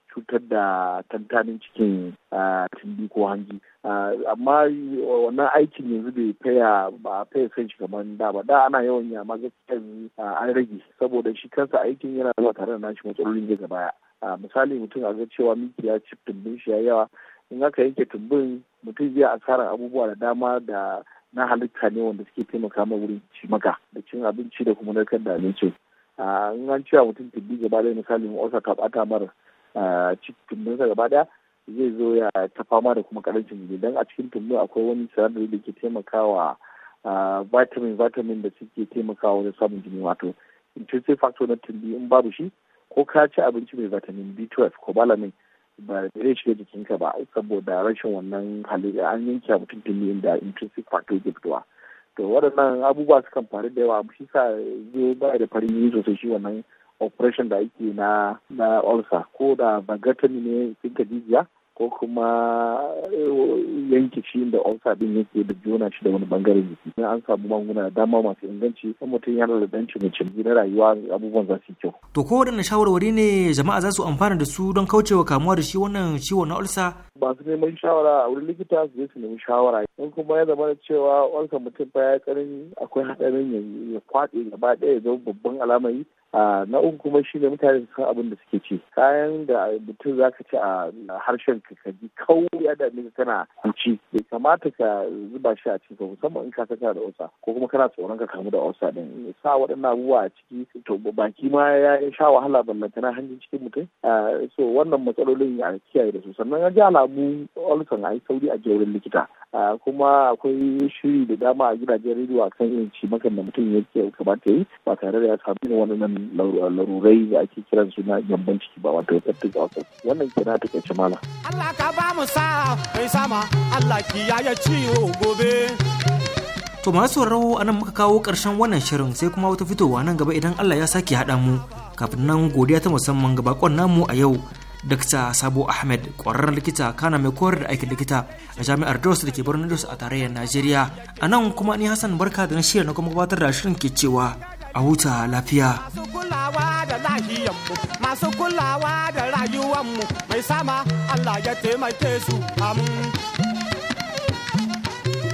cutar da tantanin cikin ah, tindi ko hanji ah, amma wannan aikin yanzu bai faya ba faya san shi kamar da ba da ana yawan ya ma ah, an rage saboda shi kansa aikin yana zuwa tare da nashi matsalolin daga baya misali mutum a ga cewa miki ya ci tumbin shi ya yawa in aka yanke tumbin mutum zai tsara abubuwa da dama da na halitta ne wanda suke taimaka ma wurin ci maka da cin abinci da kuma narkar da abinci in an cewa mutum tumbi gaba da misali mu osa ta bata mara cikin tumbinsa gaba daya zai zo ya ta fama da kuma karancin jini don a cikin tumbi akwai wani sinadari da ke taimakawa vitamin vitamin da suke taimakawa wajen samun jini wato intrinsic factor na tumbi in babu shi ko ka ci abinci mai vitamin B12 ko balamin ba zai shiga jikinka ba saboda rashin wannan halitta an yanke mutum tumbi inda intrinsic factor ke fitowa to waɗannan abubuwa sukan faru da yawa shi sa zai ba da farin yi sosai shi wannan operation da ake na na ko da bagatani ne tsinka jijiya ko kuma eh, yanke shi da Ulsa din yake da juna shi da wani bangare jiki in an samu manguna da dama masu inganci kan mutum yana da dan cimincin na rayuwa abubuwan za su kyau. to ko waɗannan shawarwari ne jama'a za su amfana da su don kaucewa kamuwa da shi wannan ciwon na Ulsa? ba su neman shawara a wurin likita su je su nemi shawara in kuma ya zama da cewa ulsa mutum fa ya karin akwai haɗarin ya kwaɗe gaba ɗaya ya zama babban alamari na uku kuma shine mutane su san abin da suke ci kayan da mutum za ka ci a harshen ka ka ji kawai ya dame ka kana ci bai kamata ka zuba shi a cikin musamman in ka kasa da osa ko kuma kana tsoron ka kamu da osa din sa waɗannan ruwa a ciki to baki ma ya sha wahala ballantana hanjin cikin mutum so wannan matsalolin a kiyaye da su sannan ya ji alamu olson a yi sauri a je likita kuma akwai shiri da dama a gidajen rediyo a kan irin cimakan da mutum yake kamata yi ba tare da ya samu wannan larurai da ake kiran su na ciki ba wato ya tattaka wasu wannan ke na ci mala. Allah ka ba mu sa mai sama Allah ki ya ciwo gobe. To masu rawo a nan muka kawo ƙarshen wannan shirin sai kuma wata fitowa nan gaba idan Allah ya sake haɗa mu kafin nan godiya ta musamman ga bakon namu a yau Dr. Sabo Ahmed ƙwararren likita kana mai koyar da aikin likita a jami'ar Jos da ke birnin Jos a tarayyar Najeriya. A nan kuma ni Hassan Barka da na shirya na kuma gabatar da shirin ke cewa a huta lafiya. Masu kulawa da rayuwanmu, mai sama Allah ya taimake su amu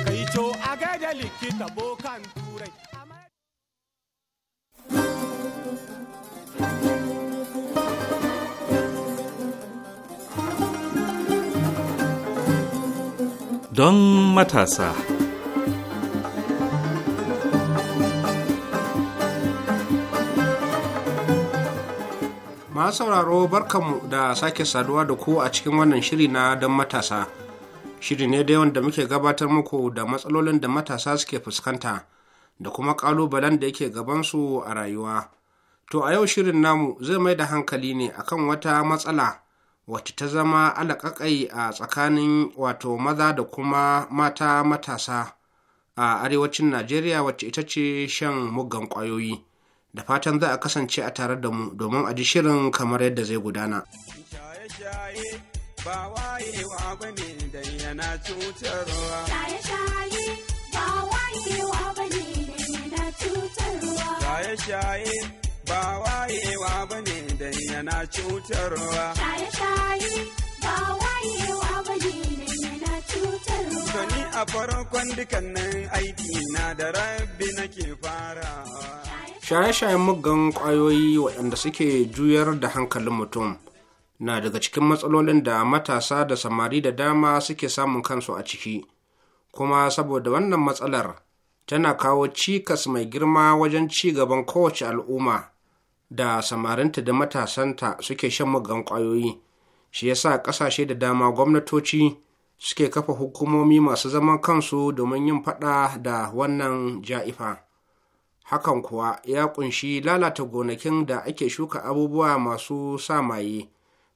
Kai co likita bokan turai. Thank don matasa. Masu sauraro barkanmu da sake saduwa da ku a cikin wannan shiri na don matasa. Shiri ne da yawan da muke gabatar muku da matsalolin da matasa suke fuskanta da kuma ƙalubalen da yake gabansu a rayuwa. To a yau shirin namu zai mai da hankali ne akan wata matsala. wacce ta zama alaƙaƙai a tsakanin wato maza da kuma mata matasa a arewacin najeriya wacce ita ce shan muggan ƙwayoyi da fatan za a kasance a tare da mu domin a ji shirin kamar yadda zai gudana ba shaye ba wayewa ba ne dan yana cutarwa. Shaye-shaye ba wayewa ba ne dan yana cutarwa. Sani a farkon dukannin aiki na da rabbi nake farawa. Shaye-shayen muggan kwayoyi waɗanda suke juyar da hankalin mutum. na daga cikin matsalolin da matasa da samari da dama suke samun kansu a ciki kuma saboda wannan matsalar tana kawo cikas mai girma wajen ci gaban kowace al'umma da samarinta da matasanta suke shan magan kwayoyi, shi ya sa ƙasashe da dama gwamnatoci suke kafa hukumomi masu zaman kansu domin yin faɗa da wannan ja'ifa hakan kuwa ya ƙunshi lalata gonakin da ake shuka abubuwa masu sa maye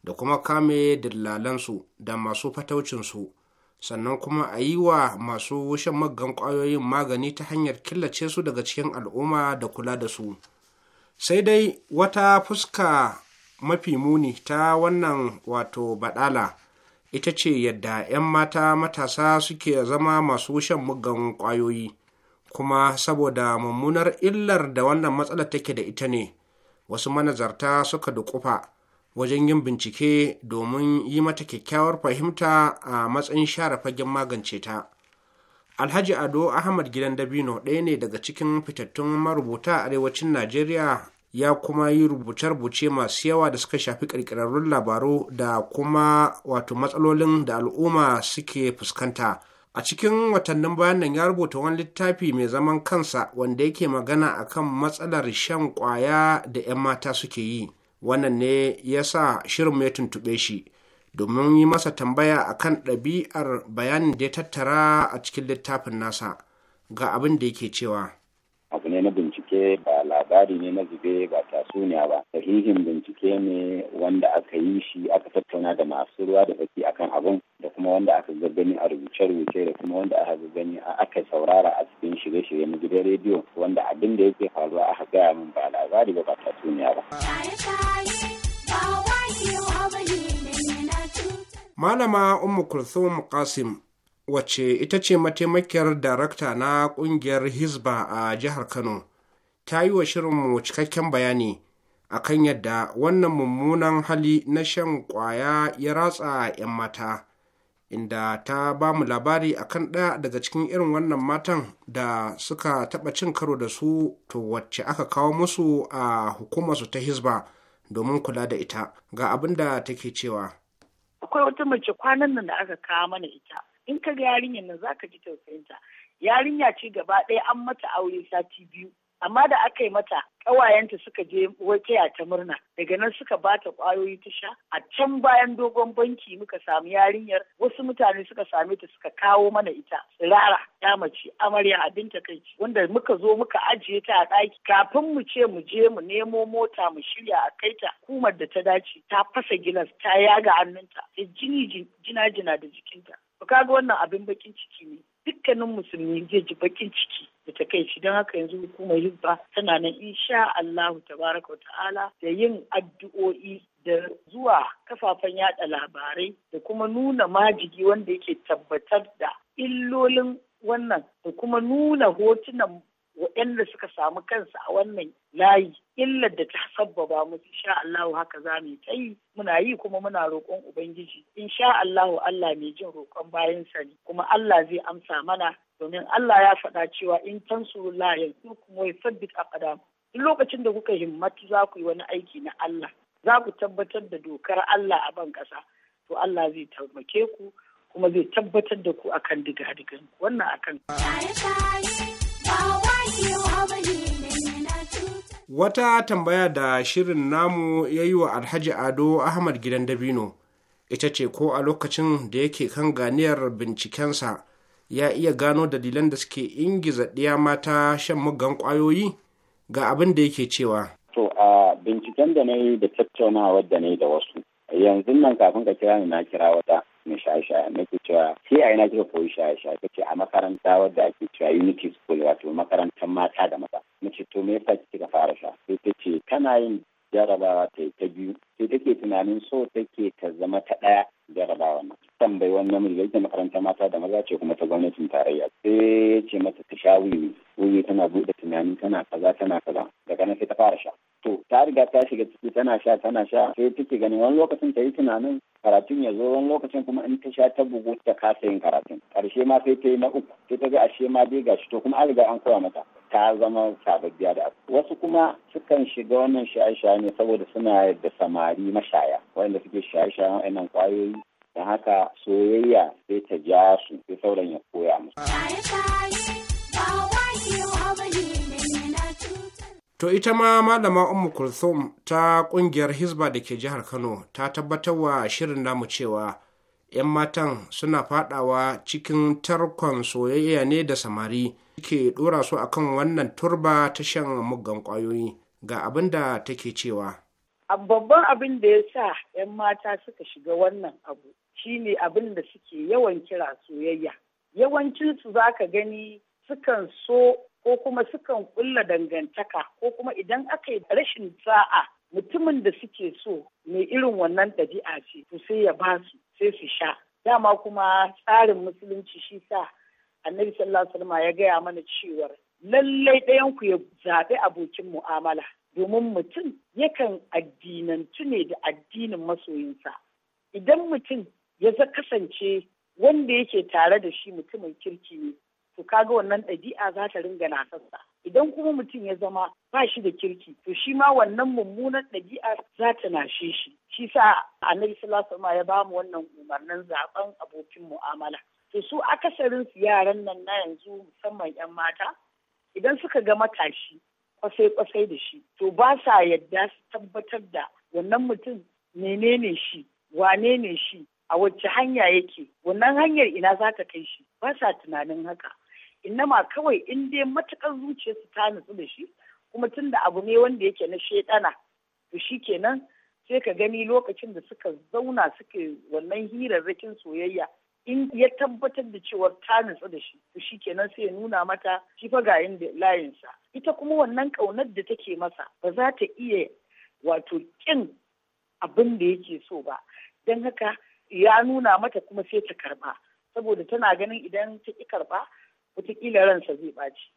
da kuma kame dillalansu da masu fataucinsu sannan kuma a yi wa masu shan magan ƙwayoyin magani ta hanyar killace su daga cikin al'umma da kula da su. sai dai wata fuska mafi muni ta wannan wato baɗala, ita ce yadda 'yan mata matasa suke zama masu shan mugan ƙwayoyi kuma saboda mummunar illar da wannan matsalar take da ita ne wasu manazarta suka dukufa wajen yin bincike domin yi mata kyakkyawar fahimta a matsayin share fagen magance ta alhaji ado ahmad gidan dabino ɗaya ne daga cikin fitattun marubuta a arewacin najeriya ya kuma yi rubuce-rubuce masu yawa da suka shafi ƙirƙirarrun labaru da kuma wato matsalolin da al'umma suke fuskanta a cikin watannin bayan nan ya rubuta wani littafi mai zaman kansa wanda yake magana akan matsalar shan kwaya da 'yan mata suke yi wannan ne ya sa shirin ya tuntuɓe shi domin yi masa tambaya akan ɗabi'ar bayanin da ya tattara a cikin littafin nasa ga abin da yake cewa abu ne na bincike ba labari ne na zube ba tasuniya ba sahihin bincike ne wanda aka yi shi aka tattauna da masu ruwa da tsaki akan abin da kuma wanda aka gani a rubuce-rubuce da kuma wanda aka gani aka saurara a cikin shirye-shirye na gidan rediyo wanda abin da yake faruwa aka gaya min ba labari ba ba tasuniya ba. malama ummu kulthum qasim wacce ita ce mataimakiyar darakta na ƙungiyar Hisba a jihar kano ta yi wa shirinmu cikakken bayani a kan yadda wannan mummunan hali na shan ƙwaya ya ratsa 'yan mata inda ta ba mu labari a kan ɗaya daga cikin irin wannan matan da suka taɓa cin karo da su to wacce aka kawo musu a hukumarsu ta Hisba domin kula da ita ga abin da take cewa akwai wata mace kwanan nan da aka kawo mana ita in ka ga yarinyar nan zaka ji tausayinta yarinya ce gaba ɗaya an mata aure sati biyu amma da aka yi mata ƙawayenta suka je wakiya ta murna daga nan suka bata kwayoyi ta sha a can bayan dogon banki muka samu yarinyar wasu mutane suka same ta suka kawo mana ita Rara, ya mace amarya abin takaici wanda muka zo muka ajiye ta a ɗaki kafin mu ce mu je mu nemo mota mu shirya a kai ta kumar da ta dace ta fasa gilas ta yaga hannunta da jini jina jina da jikinta ka ga wannan abin bakin ciki ne dukkanin musulmi zai ji bakin ciki da ta kai shi don haka yanzu hukumar yubba tana nan insha Allahu tabaraka ta'ala da yin addu'o'i da zuwa kafafen yada labarai da kuma nuna majigi wanda yake tabbatar da illolin wannan da kuma nuna hotunan waɗanda suka samu kansu a wannan layi illar da ta sabbaba musu insha Allahu haka za mu ta yi muna yi kuma muna roƙon ubangiji insha Allahu Allah mai jin roƙon bayansa ne kuma Allah zai amsa mana domin Allah ya faɗa cewa in tansu kuma ya wa yuthabbit aqdam duk lokacin da kuka himmatu za ku yi wani aiki na Allah za ku tabbatar da dokar Allah a ban ƙasa to Allah zai taimake ku kuma zai tabbatar da ku akan diga-digan wannan akan Wata tambaya da shirin namu ya yi wa Alhaji Ado Ahmad Gidan Dabino, ita ce ko a lokacin da yake kan ganiyar bincikensa ya iya gano dalilan da suke ingiza ɗiya mata shan muggan ƙwayoyi ga abin da yake cewa. To a binciken da na yi da tattaunawar da na yi da wasu yanzu nan kafin ka kira ni na kira wata mai shaye na ke cewa ke a ina kika koyi shaye ce a makaranta wadda ake cewa unity school wato makarantar mata da maza na ce to me kika fara sha sai ta ce tana yin jarabawa ta ta biyu sai take tunanin so take ta zama ta ɗaya jarabawa na tambayi wani namiji da makaranta mata da maza ce kuma ta gwamnatin tarayya sai ya ce mata ta sha wiwi wiwi tana buɗe tunani tana kaza tana kaza daga nan sai ta fara sha to ta riga ta shiga ciki tana sha tana sha sai take ganin wani lokacin ta yi tunanin karatun ya zo wani lokacin kuma in ta sha ta bugu ta kasa yin karatun karshe ma sai ta yi na uku sai ta ga ashe ma dai gashi to kuma an riga an koya mata ta zama sababbiya da wasu kuma sukan shiga wannan shaye-shaye ne saboda suna da samari mashaya wanda suke shaye-shayen wa'annan kwayoyi Da haka soyayya sai ta ja su sai sauran ya koya musu. To ita ma malama Ummu Kulthum ta kungiyar Hizba da ke jihar Kano ta tabbatar wa shirin namu cewa 'yan matan suna fadawa cikin tarkon soyayya ne da samari ke dora su akan wannan turba ta shan muggan kwayoyi ga abin da take cewa. Babban abin da ya sa 'yan mata suka shiga wannan abu shine abin da suke yawan kira soyayya. Yawancinsu za ka gani sukan so ko kuma sukan kulla dangantaka ko kuma idan aka yi rashin sa'a mutumin da suke so mai irin wannan ɗabi'a ce to sai ya ba su sai su sha dama kuma tsarin musulunci shi sa annabi sallallahu alaihi ya gaya mana cewa lallai ɗayan ku ya zaɓi abokin mu'amala domin mutum yakan addinantu ne da addinin masoyinsa idan mutum ya kasance wanda yake tare da shi mutumin kirki ne to kaga wannan ɗabi'a za ta ringa sassa. idan kuma mutum ya zama ba shi da kirki to shi ma wannan mummunan ɗabi'a za ta nashe shi shi sa annabi sallallahu alaihi ya mu wannan umarnin zaben abokin mu'amala to su akasarin su yaran nan na yanzu musamman yan mata idan suka ga matashi kwasai-kwasai da shi to ba sa yadda su tabbatar da wannan mutum menene shi wane ne shi a wacce hanya yake wannan hanyar ina za ta kai shi ba sa tunanin haka inama kawai in dai matukar zuciyarsu ta nutsu da shi kuma tunda abu ne wanda yake na shedana to shi kenan sai ka gani lokacin da suka zauna suke wannan hirarrakin soyayya in ya tabbatar da cewa ta nutsu da shi to shi kenan sai ya nuna mata shi fa yin layinsa ita kuma wannan kaunar da take masa ba za ta iya wato kin abin da yake so ba don haka ya nuna mata kuma sai ta karba saboda tana ganin idan ta ki karba wataƙila ransa zai ɓaci.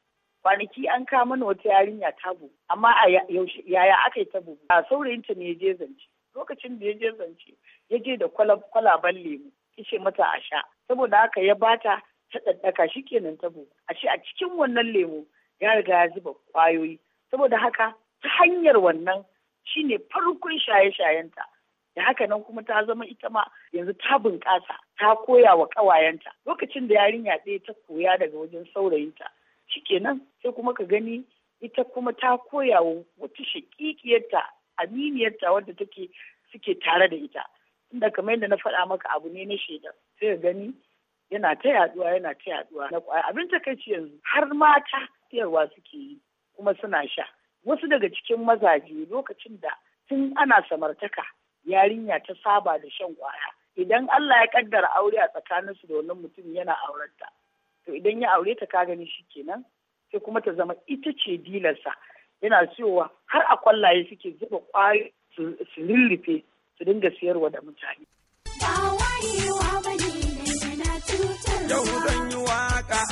Kwanaki an kama mana wata yarinya ta tabo, amma a yaushe yaya aka yi tabo? A saurayinta ne ya je zance. Lokacin da ya je zance, ya je da kwalaban lemu, kice mata a sha. Saboda haka ya bata ta ɗaɗɗaka shi kenan tabo. A ce a cikin wannan lemu ya riga ya zuba kwayoyi, Saboda haka ta hanyar wannan shine farkon shaye-shayenta. da haka nan kuma ta zama ita ma yanzu ta bunƙasa ta koya wa ƙawayenta lokacin da yarinya ɗaya ta koya daga wajen saurayinta shikenan sai kuma ka gani ita kuma ta koya wa wata shaƙiƙiyarta aminiyarta wadda take suke tare da ita inda kamar yadda na faɗa maka abu ne na shaida sai ka gani yana ta yaduwa yana ta yaduwa na ƙwaya abin kai yanzu har mata siyarwa suke yi kuma suna sha wasu daga cikin mazaje lokacin da tun ana samartaka yarinya ta saba da shan kwaya idan Allah ya kaddara aure a tsakanin su da wannan mutum yana aurenta to idan ya aure ta ka gani kenan sai kuma ta zama ita ce dilarsa yana siyowa har a kwallaye suke zuba kwayoyi su lullufe su dinga siyarwa da mutane. Yau zan yi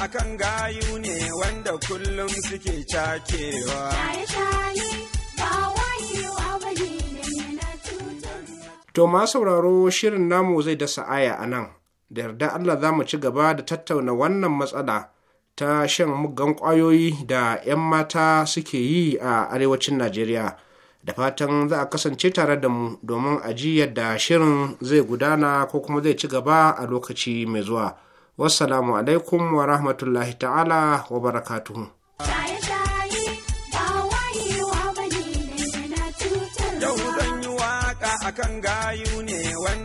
akan gayu ne wanda kullum suke cakewa. Shaye-shaye To ma sauraro shirin namu zai dasa aya a nan, da yarda Allah za mu ci gaba da tattauna wannan matsala ta shan muggan ƙwayoyi da 'yan mata suke yi a arewacin Najeriya. Da fatan za a kasance tare da mu domin aji yadda shirin zai gudana ko kuma zai ci gaba a lokaci mai zuwa. Wassalamu alaikum wa rahmatullahi ta'ala wa barakatuhu.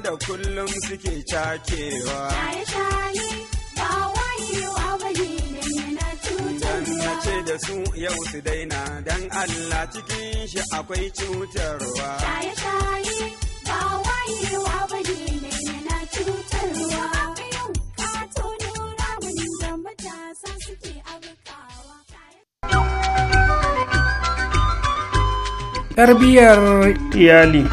da kullum suke cakewa. Shaye-shaye ba wayewa ba ce da su yau su daina dan Allah cikin shi akwai cutarwa. Shaye-shaye ba wayewa ba na cutarwa. Tarbiyyar iyali.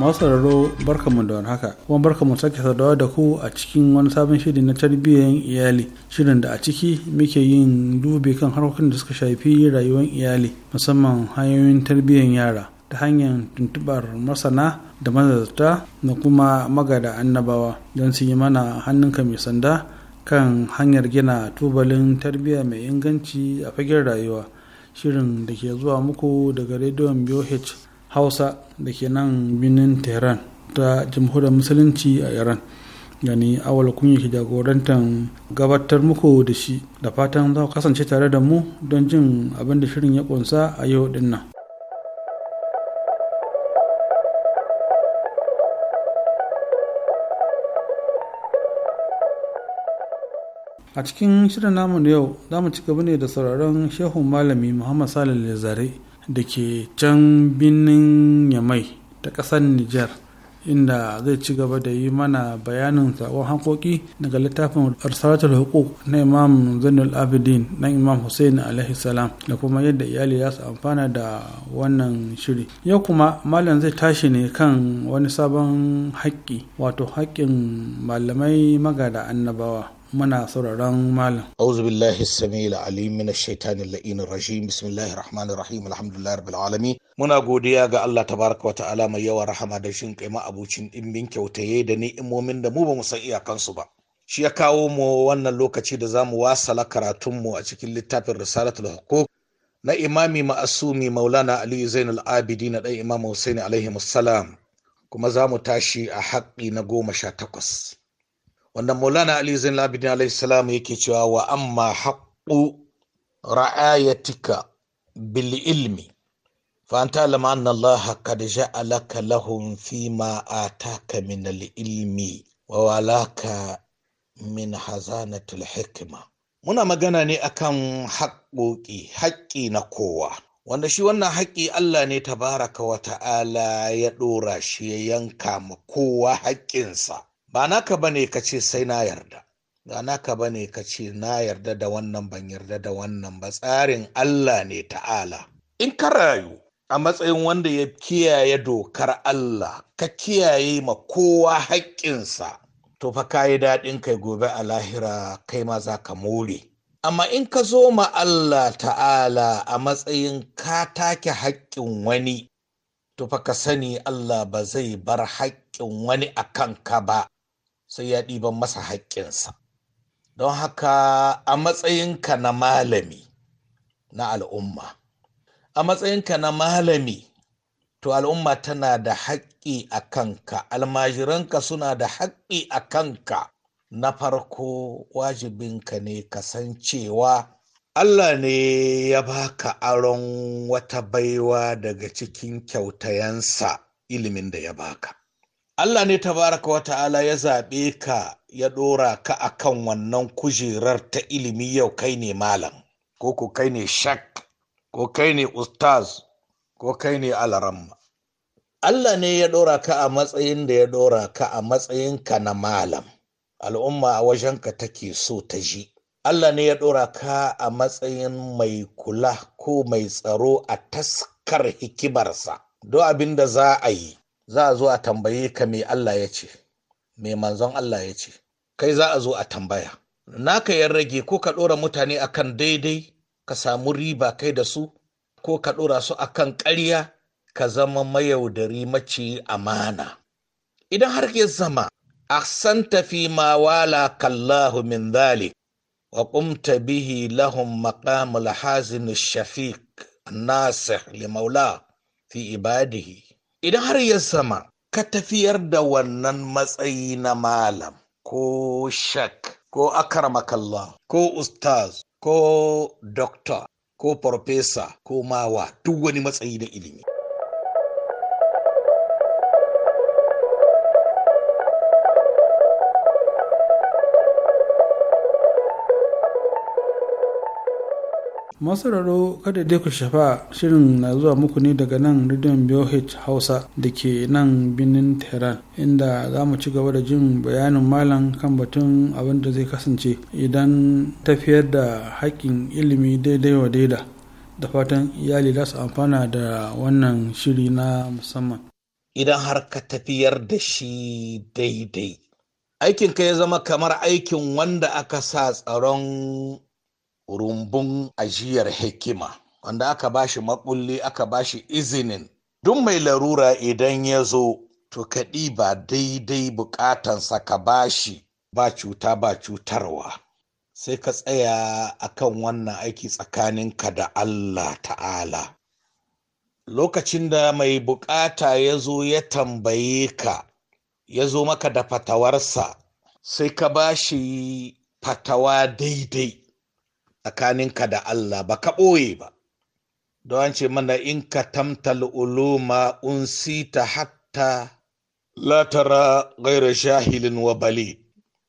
masu sauraro barkamu da haka kuma barkamu sake saduwa da ku a cikin wani sabon shiri na tarbiyyar iyali shirin da a ciki muke yin dubi kan harkokin da suka shafi rayuwar iyali musamman hanyoyin tarbiyyar yara ta hanyar tuntubar masana da mazarta da kuma magada annabawa don su yi mana hannunka mai sanda kan hanyar gina tubalin tarbiyya mai inganci a fagen rayuwa shirin da ke zuwa muku daga rediyon BOH hausa da ke nan binin tehran ta jamhuriyar musulunci a iran gani awal kunyi ke jagorantar gabatar muku da shi da fatan za ku kasance tare da mu don jin abin da shirin ya kunsa a yau din nan a cikin shirin namu na yau za mu ci gaba ne da sauraron shehun malami muhammad salih zare da ke can birnin yamai ta ƙasar Nijar, inda zai ci gaba da yi mana bayanin sabon hankoki daga littafin arsalatul hukuk na imam zainul abidin na imam hussein alaihi salam da kuma yadda iyali za su amfana da wannan shiri yau kuma malam zai tashi ne kan wani sabon haƙƙi wato haƙƙin malamai magada annabawa muna sauraron malam. Auzu billahi samil alim min ash-shaytanir rajim bismillahir rahim alhamdulillahi rabbil alamin muna godiya ga Allah tabaraka wa ta'ala mai yawa rahama da shin kai abucin dimbin kyautaye da ni'imomin da mu ba mu san iyakansu ba shi ya kawo mu wannan lokaci da zamu wasala karatun mu a cikin littafin risalatul huquq na imami ma'asumi maulana aliyu zainul abidi na ɗan imam husaini alaihi kuma za mu tashi a haƙƙi na goma sha takwas Wannan maulana ali zain labidin alaihi salam yake cewa wa amma haqqu ra'ayatika bil ilmi fa anta lam anna allah qad ja'alaka lahum fi ma ataka min al ilmi wa walaka min hazanatul hikma muna magana ne akan haƙoƙi haƙƙi na kowa wanda shi wannan haƙƙi Allah ne tabaraka wa ta'ala ya ɗora shi ya yanka ma kowa haƙƙinsa ba naka ne ka ce sai na yarda ba naka bane ka ce na yarda da wannan ban yarda da wannan ba tsarin Allah ne ta'ala in ka rayu a matsayin wanda ya kiyaye dokar Allah ka kiyaye ma kowa haƙƙinsa to fa ka yi daɗin kai gobe a lahira kai ma za ka more amma in ka zo ma Allah ta'ala a matsayin ka take haƙƙin wani to fa ka sani Allah ba zai bar haƙƙin wani a kanka ba sai ya ɗiban masa haƙƙinsa don haka a matsayinka na malami na al'umma a matsayinka na malami to al'umma tana da haƙƙi a kanka almajiranka suna da haƙƙi a kanka na farko wajibinka ne ka san cewa Allah ne ya baka aron wata baiwa daga cikin kyautayensa ilimin da ya baka Allah ne tabaraka wa ta'ala ya zaɓe ka ya ɗora ka akan wannan kujerar ta ilimi yau kai ne malam ko ko kai ne shak ko kai ne ustaz ko kai ne alaramma Allah ne ya ɗora ka a matsayin da ya ɗora ka a matsayin ka na malam al'umma a ka take so ta ji Allah ne ya ɗora ka a matsayin mai kula ko mai tsaro a taskar hikimarsa don abin da za a yi za a zo a tambaye ka me Allah ya ce me manzon Allah ya ce kai za a zo a tambaya naka yan rage ko ka ɗora mutane a kan daidai ka samu riba kai da su ko ka ɗora su a kan ƙarya ka zama mayaudari maci amana idan har ya zama a san tafi ma wala kallahu min zalik wa qumta bihi lahum maƙamul hazin shafiq nasih li maula fi ibadihi idan har ya sama ka tafiyar da wannan matsayi na malam ko shak ko makalla ko ustaz ko doktor ko farfesa ko mawa duk wani matsayi na ilimi masararo kada dai ku shafa shirin na zuwa muku ne daga nan rediyon BOH Hausa da ke nan birnin Tehran inda za mu ci gaba da jin bayanin malam kan batun abin da zai kasance idan tafiyar da haƙƙin ilimi daidai wa daida da fatan iyali za su amfana da wannan shiri na musamman. Idan har ka tafiyar da shi daidai. aikin ka ya zama kamar aikin wanda aka sa tsaron rumbun ajiyar hikima wanda aka ba shi makulli aka ba shi izinin duk mai larura idan ya zo to ka ba daidai bukatansa ka ba shi. ba cuta ba cutarwa sai ka tsaya akan wannan aiki tsakaninka da Allah ta'ala lokacin da mai bukata ya zo ya tambaye ka ya zo maka da fatawarsa sai ka ba shi fatawa daidai tsakaninka da Allah ba ka ɓoye ba don ce mana in ka tamtal uluma ta hatta la tara ghayra shahilin wa bali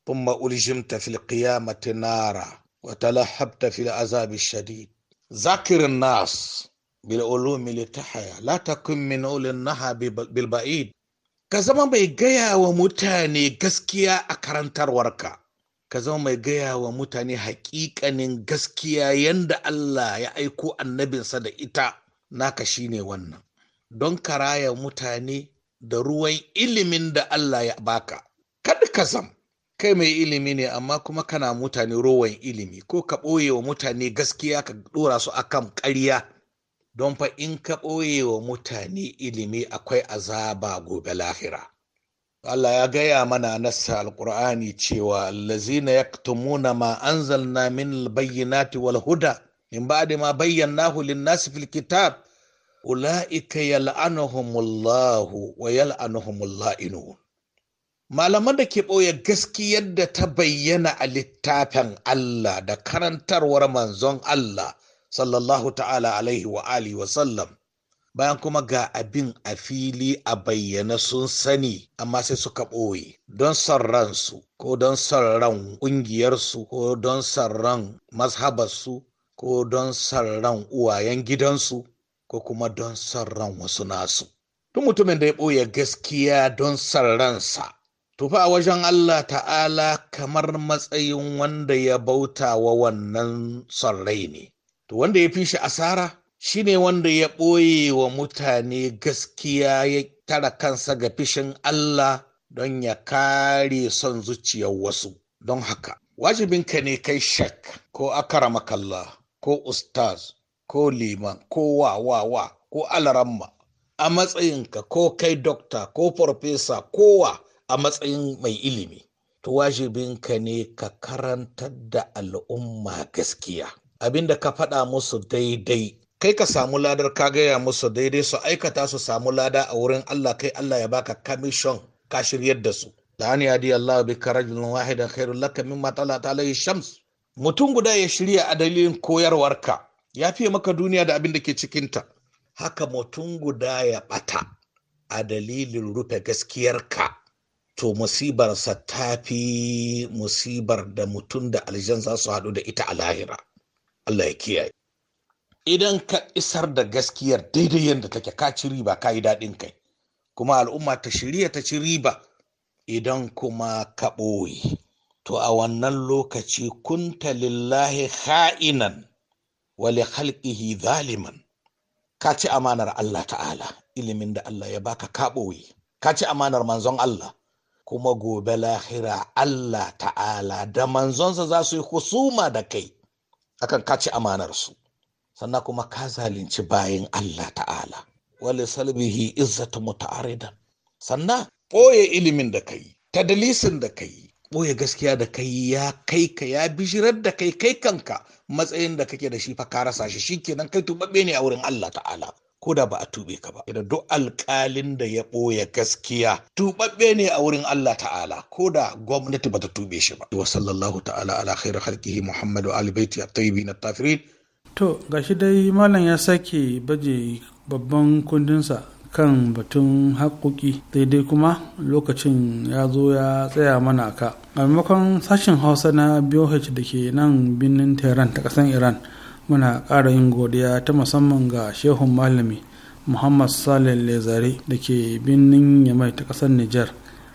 thumma uljimta fil qiyamati nara wa talahabta fil azabi shadid zakirin nas بالعلوم لتحيا لا min من أول النها بالبعيد ka zama bai gaya wa mutane gaskiya a karantarwarka ka zama mai gaya wa mutane haƙiƙanin gaskiya yanda Allah ya aiko annabinsa da ita naka shine wannan don ka raya mutane da ruwan ilimin da Allah ya baka kada ka zam kai mai ilimi ne amma kuma kana mutane ruwan ilimi ko ka ɓoye wa mutane gaskiya ka ɗora su akan ƙarya don fa in ka ɓoye wa mutane ilimi akwai azaba gobe lahira Allah ya gaya mana nasa alkur'ani cewa allazina yaktumuna ma anzalna min albayyinati wal huda min ba'di ma bayyanahu lin-nasi fil kitab ulaika yal'anuhumullahu wa yal'anuhumul la'inun malaman da ke ɓoye gaskiyar da ta bayyana a littafin Allah da karantarwar manzon Allah sallallahu ta'ala alaihi wa alihi wa sallam bayan kuma ga abin a fili a bayyana sun sani amma sai suka ɓoye don son ransu ko don son ran ƙungiyarsu ko don son ran mazhabarsu ko don son ran uwayen gidansu ko kuma don son ran wasu nasu duk mutumin da ya ɓoye gaskiya don son ransa tufa a wajen Allah ta'ala kamar matsayin wanda ya bauta wa wannan son rai ne to wanda ya fi shi asara Shi ne wanda ya ɓoye wa mutane gaskiya ya tara kansa ga fishin Allah don ya kare son zuciyar wasu don haka wajibinka ne kai shek, ko Akaramakalla, makalla ko ustaz ko liman ko wa-wa-wa ko alaramma a matsayinka ko kai dokta ko farfesa kowa a matsayin mai ilimi to wajibinka ne ka karantar da al'umma gaskiya abinda ka faɗa musu daidai kai ka samu ladar ka gaya musu daidai su aikata su samu lada a wurin Allah kai Allah ya baka kamishon ka shiryar da su da an Allah bi karajulun wahidan khairul laka mimma alayhi shams mutum guda ya shirya a dalilin koyarwarka ya fiye maka duniya da abin da ke cikin ta. haka mutum guda ya bata a dalilin rufe gaskiyar ka. to musibarsa ta fi musibar da mutum da aljan za su haɗu da ita a lahira Allah ya kiyaye idan ka isar da gaskiyar daidai yadda take ka ci riba ka yi daɗin kai kuma al'umma ta shirya ta ci riba idan kuma ka ɓoye to a wannan lokaci kunta lillahi ha'inan wali halƙihi zaliman ka ci amanar Allah ta'ala ilimin da Allah ya baka ka ɓoye ka ci amanar manzon Allah kuma gobe lahira Allah ta'ala da manzonsa za su yi husuma da kai akan ka ci amanarsu sannan kuma ka zalunci bayan Allah ta'ala wale salbihi izzata muta'aridan sannan ɓoye ilimin da kai dalisin da kai ɓoye gaskiya da kai ya kai ka ya bijirar da kai kai kanka matsayin da kake da shi fa ka rasa shi shikenan kai tubabbe ne a wurin Allah ta'ala ko da ba a tube ka ba idan duk alƙalin da ya ɓoye gaskiya tubabbe ne a wurin Allah ta'ala ko da gwamnati ba ta tube shi ba wa sallallahu ta'ala ala khairu khalqihi muhammadu ali baiti at-tayyibin at-tafirin to shi dai malam ya sake baje babban kundinsa kan batun haƙoƙi daidai kuma lokacin ya zo ya tsaya mana ka a maimakon sashen hausa na boh da ke nan birnin tehran ta ƙasar iran muna ƙara yin godiya ta musamman ga shehun malami muhammad salih lezare da ke birnin yamai ta ƙasar niger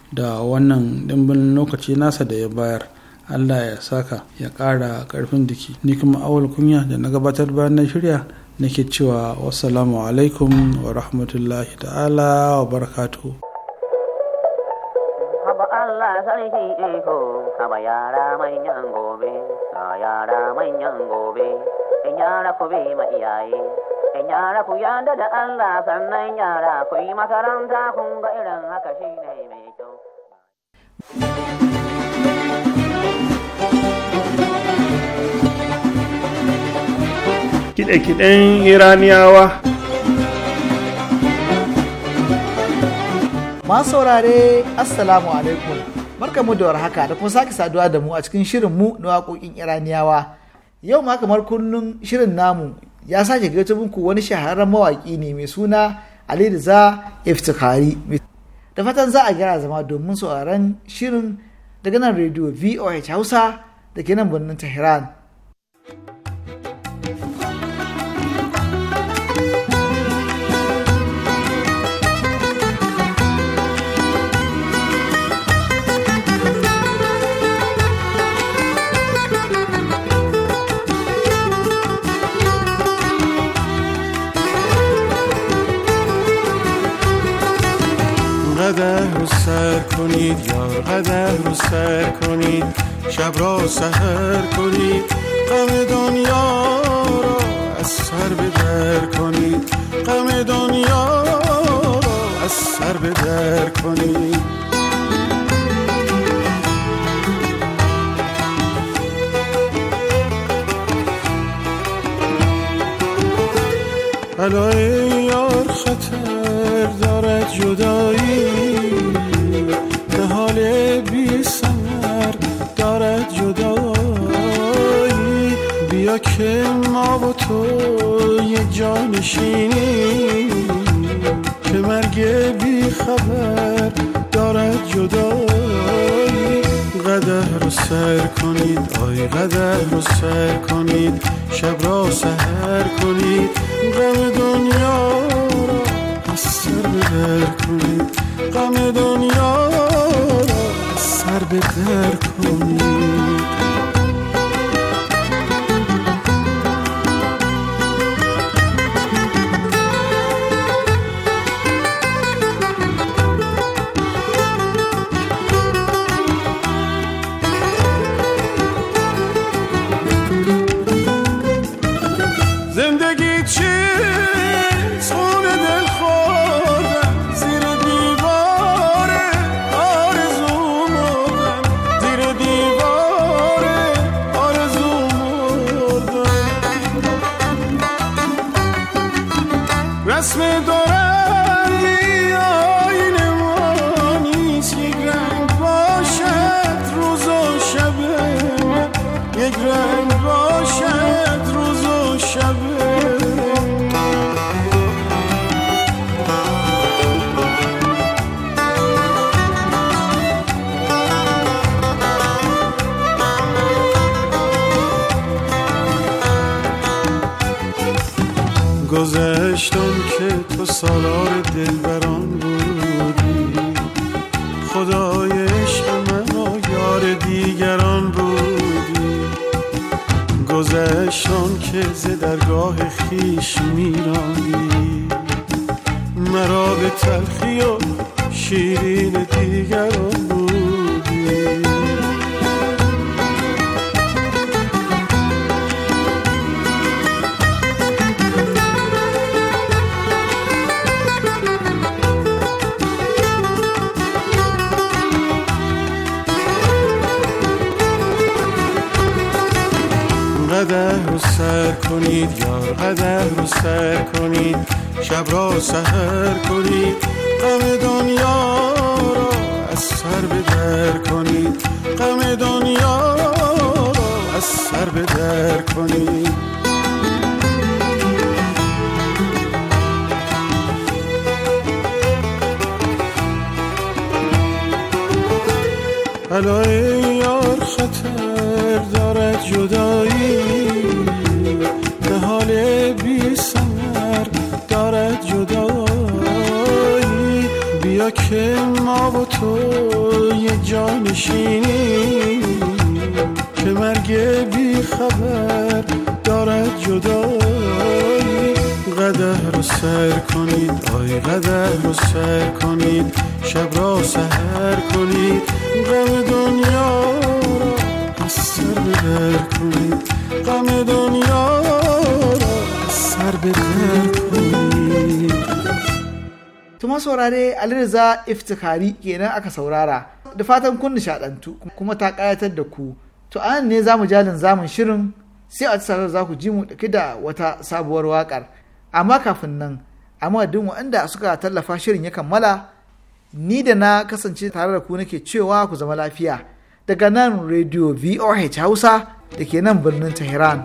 da wannan ɗimbin lokaci nasa da ya bayar allah ya saka ya ƙara ƙarfin jiki ni kuma awal kunya da na gabatar bayan na shirya nake cewa wassalamu alaikum wa rahmatullahi ta'ala wa barakatuhu Allah sarki iko, haba yara manyan gobe, yara manyan gobe, in yara ku bi ma iyaye, in yara ku yada da Allah sannan yara ku yi makaranta kun ga irin haka shi ne mai kyau. kiɗe-kiɗen iraniyawa masu saurare assalamu alaikum barkamu da haka da kuma sake saduwa da mu a cikin shirin mu na waƙoƙin iraniyawa yau ma kamar kullum shirin namu ya sake gaito muku wani shahararren mawaƙi ne mai suna ali riza iftikhari da fatan za a gyara zama domin sauraron shirin daga nan rediyo voh hausa da ke nan birnin tehran قدر رو سر کنید یا قدر رو سر کنید شب را سهر کنید غم دنیا را از سر بدر کنید غم دنیا را از سر بدر کنید تو یه جانشینی که مرگ بی خبر دارد جدایی قدر رو سر کنید آی قدر رو سر کنید شب را سهر کنید غم دنیا را از سر بدر کنید غم دنیا را از سر بدر کنید باور کنی یار خطر دارد جدایی به حال بی سمر دارد جدایی بیا که ما و تو یه جا دیگه بی خبر دارد جدایی قده رو سر کنید آی قده رو سر کنید شب را سهر کنید غم دنیا را از سر بدر کنید غم دنیا را از سر بدر کنید Tuma saurare Alirza Iftikhari kenan aka saurara da fatan kun nishadantu kuma ta kayatar da ku to an ne zamu jalin zamun shirin sai a tsara za ku ji mu ɗauki da wata sabuwar waƙar amma kafin nan a madadin waɗanda suka tallafa shirin ya kammala ni da na kasance tare da ku nake cewa ku zama lafiya daga nan rediyo voh hausa da ke nan birnin tehran.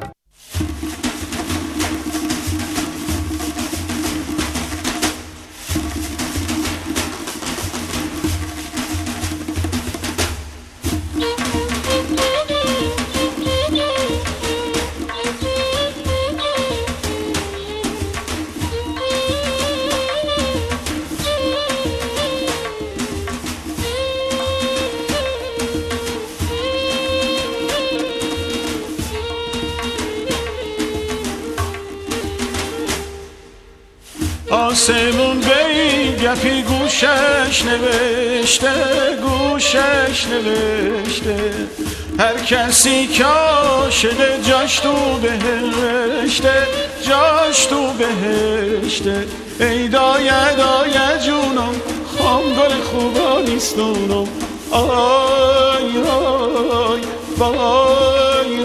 آسمون بی گپی گوشش نوشته گوشش نوشته هر کسی که شده جاش تو بهشته جاش تو بهشته ای داید جونم خام گل خوبا نیستونم آی آی بای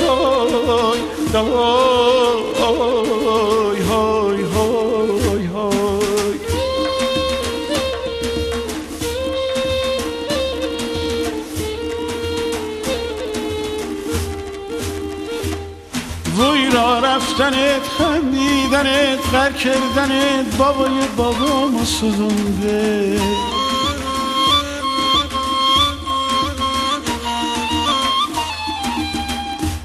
آی دای کشتنت خندیدنت غر کردنت بابای ما سزونده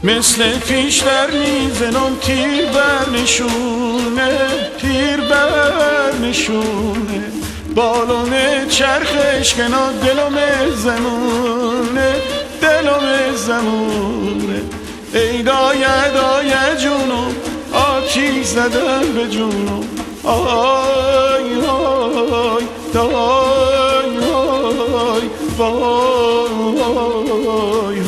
مثل پیشتر میزنم تیر بر نشونه تیر بر نشونه بالونه چرخش کناد دلم زمونه دلم زمونه ای دایه دایه جونم آکی زده به جونم آی آی دای آی وای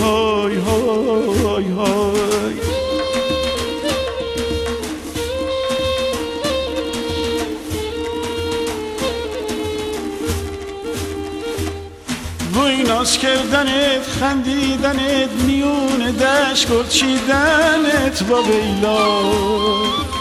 ناز کردنت خندیدنت میون دشت گرچیدنت چیدنت با بیلا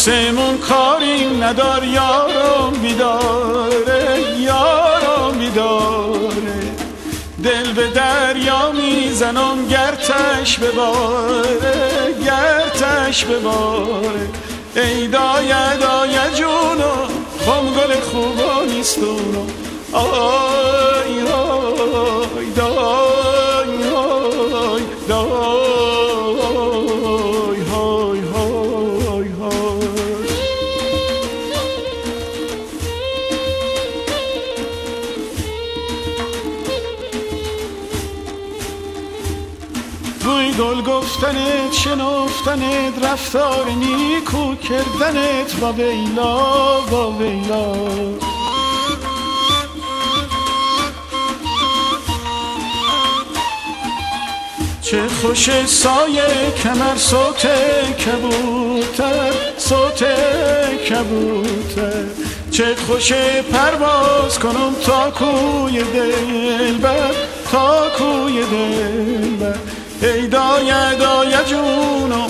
سیمون کاری ندار یارم میداره یارم میداره دل به دریا میزنم گرتش بباره گرتش بباره ای دای دای جونم خم گل خوبا آی رفتنت رفتار نیکو کردنت و ویلا و ویلا چه خوش سایه کمر صوت کبوتر صوت کبوتر چه خوش پرواز کنم تا کوی دل بر تا کوی دل بر ای دایه دایه جونو